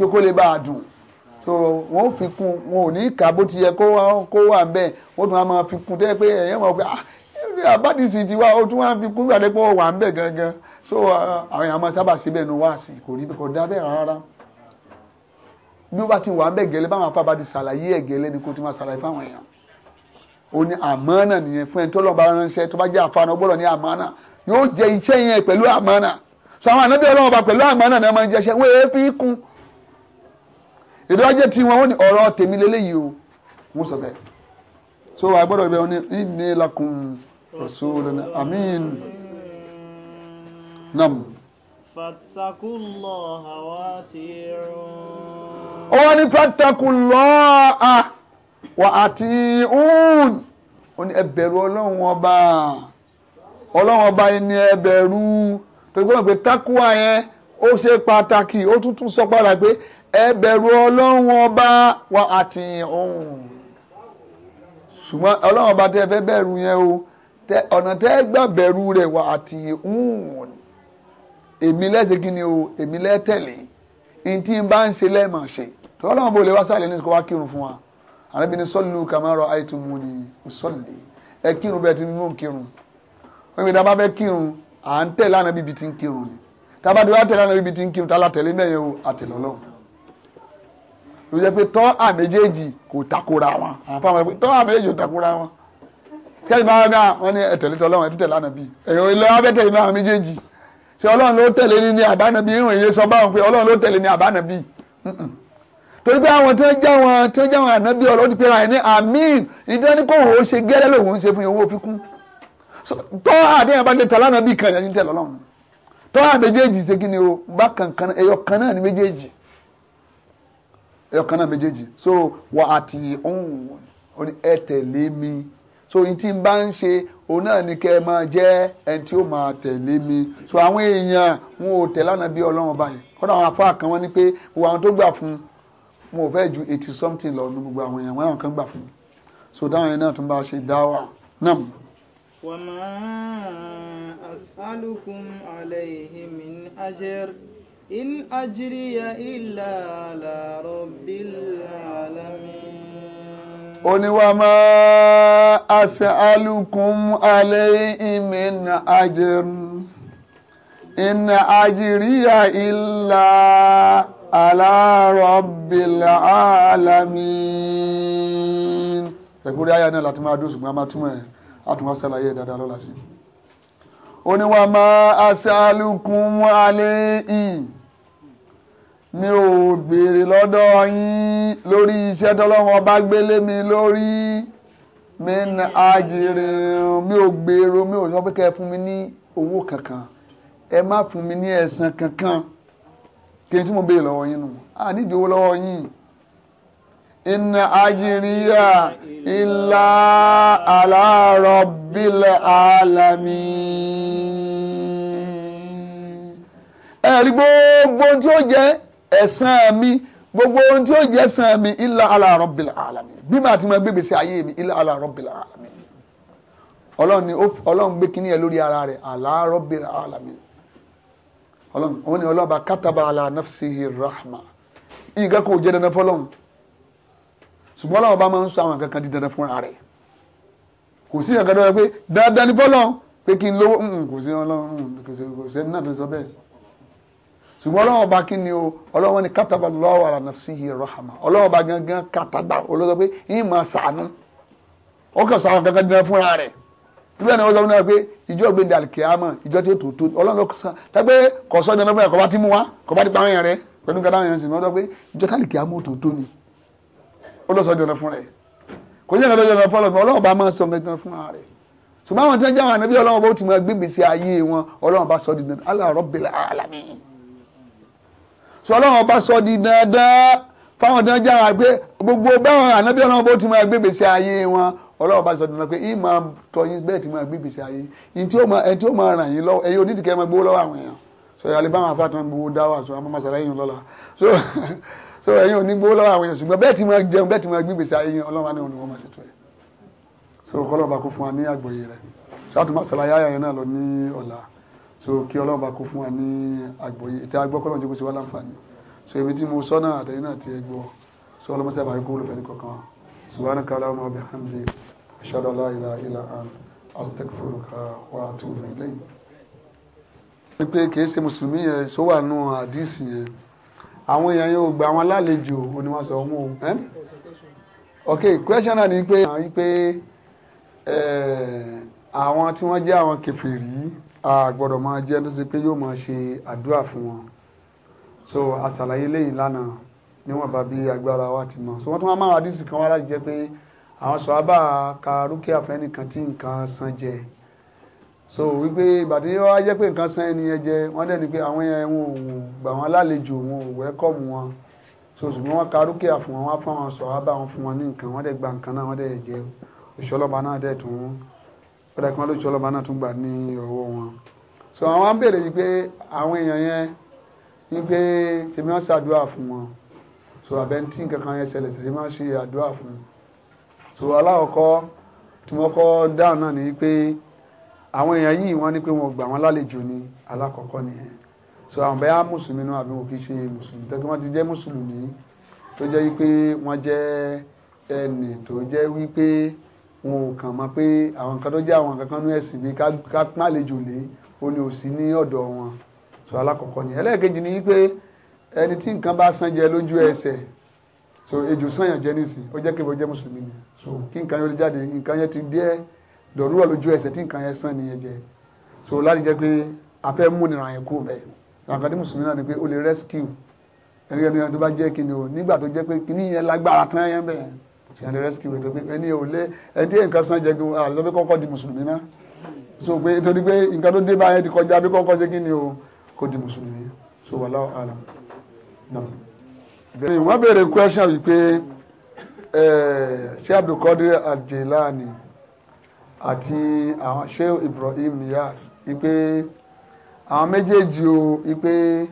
tí kò lè bá a dùn so wọn ò fi kún wọn ò ní kà bó ti yẹ kó wà ń bẹ wọn tún wá máa fi kún tẹ́ pé ẹ̀yẹ́ wọn pé ah àbádìsí ti wá ó tún wá fi kún gbàdé pé ó wà ń gangan so àwọn èèyàn máa sábà síbẹ̀ nu wá sí kò rí kò dá bẹ́ẹ̀ rárá bí ó bá ti wà ń bẹ̀ gẹ́lẹ́ báwọn afábá ti ṣàlàyé ẹ̀ gẹ́lẹ́ ni kò ti máa ṣàlàyé fáwọn èèyàn ó ní àmánà nìyẹn fún ẹni tó lọ́ọ́ bá ránṣẹ́ tó bá jẹ́ àfààní ọgbọ́dọ̀ ní àmánà yóò jẹ iṣẹ́ yẹn pẹ̀lú àmánà so àwọn ànábẹ́ ọlọ́wọ́ bá pẹ̀lú àmánà ni wọ́n máa ń jẹ́ṣẹ́ wọ́n èé kún ìdájẹ́ tí wọ́n ní ọ̀rọ̀ tèmi lélẹ́yìí o wọ́n sọ bẹ́ẹ̀ so a gbọ́dọ̀ bẹ́ẹ̀ ní lakun lakùn rasulun amin nam. fattakullaha wa ati'un. ó wá ní fattakullaha wa ati'un ó ní ẹ bẹ̀rù ọlọ́run ọba ọlọ́run ọba yìí ni ẹ bẹ̀rù tó gbọ́dọ̀ pé takuwa yẹn ó ṣe pàtàkì ó tún tún sọ padà pé ẹ bẹ̀rù ọlọ́run ọba wa àti ọ̀hún ṣùgbọ́n ọlọ́run ọba tẹ́ fẹ́ bẹ̀rù yẹn o ọ̀nà tẹ́ gbà bẹ̀rù rẹ̀ wà àti ọ̀hún èmi lẹ́sẹ̀ kí ni o èmi lẹ́tẹ̀lé ntí n bá ń ṣe lẹ́ẹ̀mọ̀ ṣe tó ọlọ́run bò lè wá sálẹ̀ ní kó wá kírun fún wa àrẹ́bí ni sọ́ọ̀lù kàmáàrọ̀ àìtùmù ni sọ́ọ̀lì ẹ kírun bẹ́ẹ̀ ti mú kírun wọ́n gbé dábàá fẹ́ kírun à ń tẹ̀lé ànábìbí ti ń kírun ni tábàdé wá tẹ̀lé ànábìbí ti ń kírun tá a látẹ̀lé mẹ́yẹ̀ o àtẹ̀lọ́lọ́run ló jẹ́ pé tọ́ àméjèèjì kò takora wọn àwọn fáwọn ẹgbẹ́ tọ́ àméjèèjì kò takora wọn kẹ́yìn máa ń wọ́n ní ẹ̀tẹ̀lé tọ́ lọ́wọ́ ẹ̀tẹ̀lé ànábì èrò ilé abẹ́tẹ̀ ìmọ̀ àwọn méjèèjì ṣé ọlọ́run ló tẹ̀lé ní ní àbánabi ìrùn èyí sọ báwọn pé ọlọ́run ló tẹ̀lé ní àbánabi torí pé àwọn tí wọ́n já wọn tí wọ́n já wọn ànábì ọlọ́run ti pera ẹ̀ ní àmín ìdánikòwò ó ṣe gẹ́rẹ́ lòun ṣe fún owó fikún tọ́ àdéhùn bá tẹ̀lé ànábì kan ẹ̀yìn tẹ̀lé ọlọ́run tọ́ àméjèèjì ṣe kí ni o bá kankan ẹyọ kan náà ní méjèèjì ẹ̀yọ̀kan náà méjèèjì so wà àti òun ẹ tẹ̀lé mi so yìí tí n bá ń ṣe òun náà ni kẹ́ ẹ máa jẹ́ ẹni tí ó máa tẹ̀lé mi so àwọn èèyàn wọn ò tẹ̀lé àná bí ọlọ́run báyìí kọ́dà àwọn afá kan wọ́n ní pé wo àwọn tó gbà fún wọn ò fẹ́ ju eighty something lọ ní gbogbo àwọn èèyàn wọn àwọn kan gbà fún so dáhùn yẹn náà tún bá ṣe dá wà náà. wàmà as'alukum alayhi min ajr. إن أجري إلا على رب العالمين ó ní wá máa as'alukum alayhi min ajr in ajriya illa ala rabbil alamin. ẹ̀kúrẹ́ ayé náà láti máa dùn ṣùgbọ́n a máa túmọ̀ ẹ̀ a tún wá ṣàlàyé dáadáa lọ́la sí ó ní wá máa as'alukum alayhi mi ò béèrè lọ́dọ̀ yín lórí iṣẹ́ tọ́lọ́wọ́n bá gbélé mi lórí mi ní mi ò gbèrò mi ò sọ pé kẹ́ ẹ fún mi ní owó kankan ẹ má fún mi ní ẹ̀san kankan kí n tí mo béèrè lọ́wọ́ yín nù à nídìí owó lọ́wọ́ yín inna ajiriya illa ala rabbil alamin ẹ̀rí gbogbo tí ó jẹ́ ẹ̀san mi gbogbo ohun tí ó jẹ́ ẹ̀san mi ilà ala rabbil alamin bí màá ti máa gbégbé sí ayé mi ilà ala rabbil alamin ọlọ́run ni ọlọ́run gbé kíní ẹ lórí ara rẹ̀ ala rabbil alamin ọlọ́run òun ni ọlọ́ba kátàbà ala rahma nǹkan kò jẹ́ dandan fọlọ́run ṣùgbọ́n ọlọ́run bá máa ń sọ àwọn kankan di dandan fúnra rẹ̀ kò sí ìyàgàdọ́ rẹ pé dandan ni fọlọ́run pé kí n lówó kò sí ọlọ́run kò sí náà tó sọ bẹ́ẹ̀ ṣùgbọ́n ọlọ́run ọba kí ni o ọlọ́run ni kátàbà lọ́wọ́ ara nafsihi rahama ọlọ́run ọba gangan kátàbà olóso pé yín máa sànú ó kàn sànú gangan dídán fúnra rẹ̀ nígbà náà wọ́n sọ fún mi pé ìjọ gbẹ̀dẹ̀ alikiyama ìjọ tó tó tó ọlọ́run ló sàn tẹ́gbẹ́ kọ̀ọ̀sọ́ ìdáná fún yà kọ́ba ti mú wa kọ́ba ti pa àwọn yẹn rẹ pẹ̀lú gàdá àwọn yẹn sì wọ́n sọ pé ìjọ kálikiyama ó tó tó ni ó lọ́sọ̀ ìdáná fún rẹ̀ kò ní ìdáná ìdáná fún ọlọ́run ọba máa sọ ìdáná sọlọ́run ọba sọ di dandan fáwọn tó ń jára pé gbogbo báwọn ànábí ọlọ́run bó ti máa gbé gbèsè ayé wọn ọlọ́run ọba sọ dandan pé yín máa tọ́ yín bẹ́ẹ̀ ti máa gbé gbèsè ayé yín tí ó máa ẹ tí ó máa ràn yín lọ́wọ́ ẹ̀yin onídìkẹ́ máa gbowó lọ́wọ́ àwọn èèyàn so ìyá lè bá àwọn afáàtàn gbowó dáwà so àwọn masara yín lọ́la so so ẹ̀yin ò ní gbowó lọ́wọ́ àwọn èèyàn ṣùgbọ́n bẹ́ẹ̀ ti máa jẹun bẹ́ẹ̀ ti máa gbé gbèsè ayé yín ọlọ́run ni wọ́n máa ṣètò ẹ̀ so kọ́lọ́ ọba kó fún wa ní àgbọ́yé rẹ̀ ṣáàtúmọ̀ sàlàyé àyà yẹn náà lọ ní ọ̀la so kí ọlọ́run bá kó fún wa ní àgbọ́yé tí a gbọ́ kọ́lọ́run jẹ́ kó ṣe wá láǹfààní so èmi tí mo sọ náà náà ti ẹ so ọlọ́mọ sábà yẹ kó wúlò fẹ́ni kankan subhanaka allahumma wa bihamdi ashhadu an la ilaha illa anta astaghfiruka wa atubu ilayk. wọ́n pe kì í ṣe mùsùlùmí yẹn sọ wà nù àdìsí yẹn àwọn èèyàn yóò gba àwọn alálejò oníwàsàn ọmọ tí wọ́n jẹ́ àwọn kèfèrí a gbọ́dọ̀ máa jẹ́ tó ṣe pé yóò máa ṣe àdúrà fún wọn so àṣàlàyé lẹ́yìn lánàá níwọ̀nba bí agbára wa ti mọ̀ so wọ́n tún wá máa àdìsí kan wá láti jẹ́ pé àwọn sọ̀hábà ka rúkìá fún ẹnìkan tí nǹkan san jẹ so wípé ìbàdí wá jẹ́ pé nǹkan san ẹni yẹn jẹ wọ́n dẹ̀ ni pé àwọn yẹn wọn ò gbà wọ́n lálejò wọn ò wẹ́kọ̀mù wọn so ṣùgbọ́n wọ́n ka rúkìá fún wọn wá fún àwọn sọ̀hábà wọn fún wọn ní nǹkan wọ́n dẹ̀ gba nǹkan náà wọ́n dẹ̀ jẹ òṣèlọ́ba náà dẹ̀ tún kódà kí wọ́n lójú ọlọ́ba náà tún gbà ní ọwọ́ wọn so àwọn á ń béèrè wípé àwọn èèyàn yẹn wípé ṣèmi wọ́n ṣàdúrà fún wọn so àbẹ̀ntì nǹkan kan yẹn ṣẹlẹ̀ ṣèmi wọ́n ṣe àdúrà fún so aláwọ̀kọ́ tí wọ́n kọ́ dáhùn náà ni wípé àwọn èèyàn yìí wọ́n ní pé wọ́n gbà wọ́n lálejò ní alákọ̀ọ́kọ́ nìyẹn so àwọn bẹ́ẹ̀ mùsùlùmí náà àbí wọn kì í ṣe mùsùlùmí tó kí wọ́n ti jẹ́ mùsùlùmí tó jẹ́ wípé wọ́n jẹ́ ẹnì tó jẹ́ wípé wọn ò kàn mọ̀ pé àwọn kan tó jẹ́ àwọn kankan ní ẹ̀sìn bíi ká pín àlejò lé ó òsì ní ọ̀dọ̀ wọn so alákọ̀ọ́kọ́ ni ẹlẹ́ẹ̀kejì ni wípé ẹni tí nǹkan bá sán jẹ lójú ẹsẹ̀ so ejò sànyàn jẹ nísìn ó jẹ́ kébọ̀ jẹ́ mùsùlùmí ni so kí nǹkan yóò jáde nǹkan yẹn ti díẹ̀ dọ̀rúwà lójú ẹsẹ̀ tí nǹkan yẹn sàn nìyẹn jẹ so láti jẹ́ pé a fẹ́ mú nira yẹn kúrò bẹ́ẹ̀ làǹkàdé mùsùlùmí náà ni pé o lè rescue ẹnikẹ́ni tó bá jẹ́ ni o nígbà tó jẹ́ pé kíní yẹn lágbára tán yẹn bẹ́ẹ̀ tí wọ́n lè rescue ètò pé ẹni ò lé ẹni tí nǹkan san jẹ gan àlọ́ pé kọ́kọ́ di mùsùlùmí náà so pé nítorí pé nǹkan tó dé bá yẹn ti kọjá bí kọ́kọ́ ṣe kí ni o kò di mùsùlùmí so wallahu alam náà. wọ́n béèrè question wípé ṣé eh, Abdulkadir Ajelani àti àwọn ṣé Ibrahim Yas wípé àwọn méjèèjì o wípé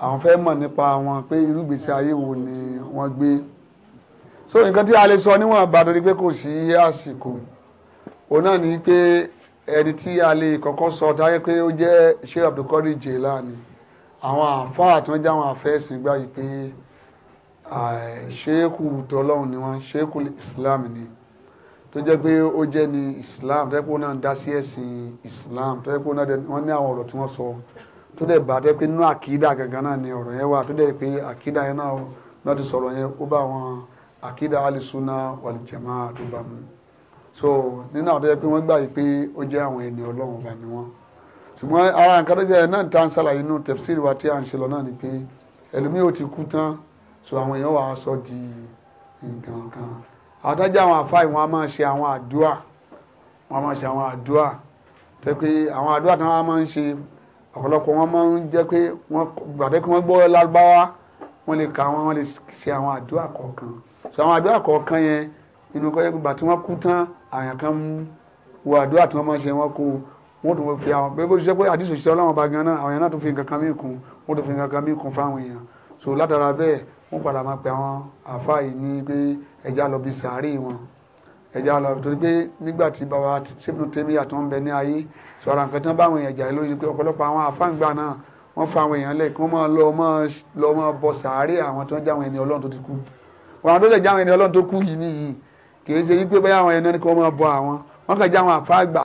àwọn fẹ́ mọ̀ nípa wọn pé irúgbèsè ayé wo ni wọ́n gbé so nǹkan tí a lè sọ níwọ̀n àbàdàn ni pé kò sí àsìkò òun náà ni pé ẹni tí a lè kọ́kọ́ sọ táyé pé ó jẹ́ Sheikh Abdulkadir Jelani àwọn àfáà tí wọ́n jẹ́ àwọn àfẹ́sìn gbá pé ṣéèkù tọ́lọ́hún ni wọ́n ṣéèkù Islam ni tó jẹ́ pé ó jẹ́ ni Islam tó jẹ́ pé ó náà dá sí ẹ̀sìn Islam tó jẹ́ pé wọ́n ní àwọn ọ̀rọ̀ tí wọ́n sọ tó dẹ̀ bá tó pé nínú àkídà gangan náà ni ọ̀rọ̀ yẹn wà tó dẹ̀ pé àkídà yẹn náà lọ́ọ́ ti sọ̀rọ̀ yẹn ó bá wọn àkídà alìsúná wàlìjẹ̀má tó bá mu so nínú àwọn tó yẹ pé wọ́n gbà yìí pé ó jẹ́ àwọn ẹni ọlọ́run bá ní wọ́n ṣùgbọ́n ara nǹkan tó jẹ́ náà tá ń ṣàlàyé inú tẹ̀síìrì wa tí à ń ṣe lọ náà ni pé ẹlòmíì ò ti kú tán so àwọn èèyàn wàá sọ di nǹkan kan àwọn tó jẹ́ àwọn àfáì wọn a máa ṣe àwọn àdúà wọn a máa ṣe àwọn àdúà tẹ́ pé àwọn àdúà tí wọ́n máa ń ṣe ọ̀pọ̀lọpọ̀ wọn máa ń jẹ́ pé wọ́n gbàdé kí wọ́n gbọ́ lárúbáwá wọ́n lè kà wọ́n wọ́n lè ṣe àwọn àdúà kọ̀ọ̀kan so àwọn àdúrà kọ̀ọ̀kan yẹn inú kọ́ yẹ gbogbo àti wọ́n kú tán àyàn kan mú wo àdúrà tí wọ́n máa ń ṣe wọ́n kó wọ́n tún fi àwọn pé bó ṣiṣẹ́ pé àdìsò ṣiṣẹ́ ọlọ́wọ́n bá gan náà àwọn yẹn náà tún fi nǹkan kan mí kún wọ́n tún fi nǹkan kan mí kún fáwọn èèyàn so látara bẹ́ẹ̀ wọ́n padà máa pe àwọn àfa yìí ní pé ẹja lọ bí sàárè wọn ẹja lọ torí pé nígbà tí bàbá sẹ́pìnú tẹ́mí àti wọn bẹ ní ayé sọ ara nǹkan tí wọ́n bá àwọn èèyàn jà lórí pé ọ̀pọ̀lọpọ̀ àwọn àfa ń gbà náà wọ́n fa àwọn èèyàn lẹ̀ kí wọ́n máa lọ máa bọ sàárè àwọn tí wọ́n já àwọn ẹni ọlọ́run tó ti kú wọn àdó lè já àwọn ẹni ọlọ́run tó kú yìí nìyí kì í ṣe wípé bóyá àwọn ẹni kò máa bọ àwọn wọn kàn já àwọn àfa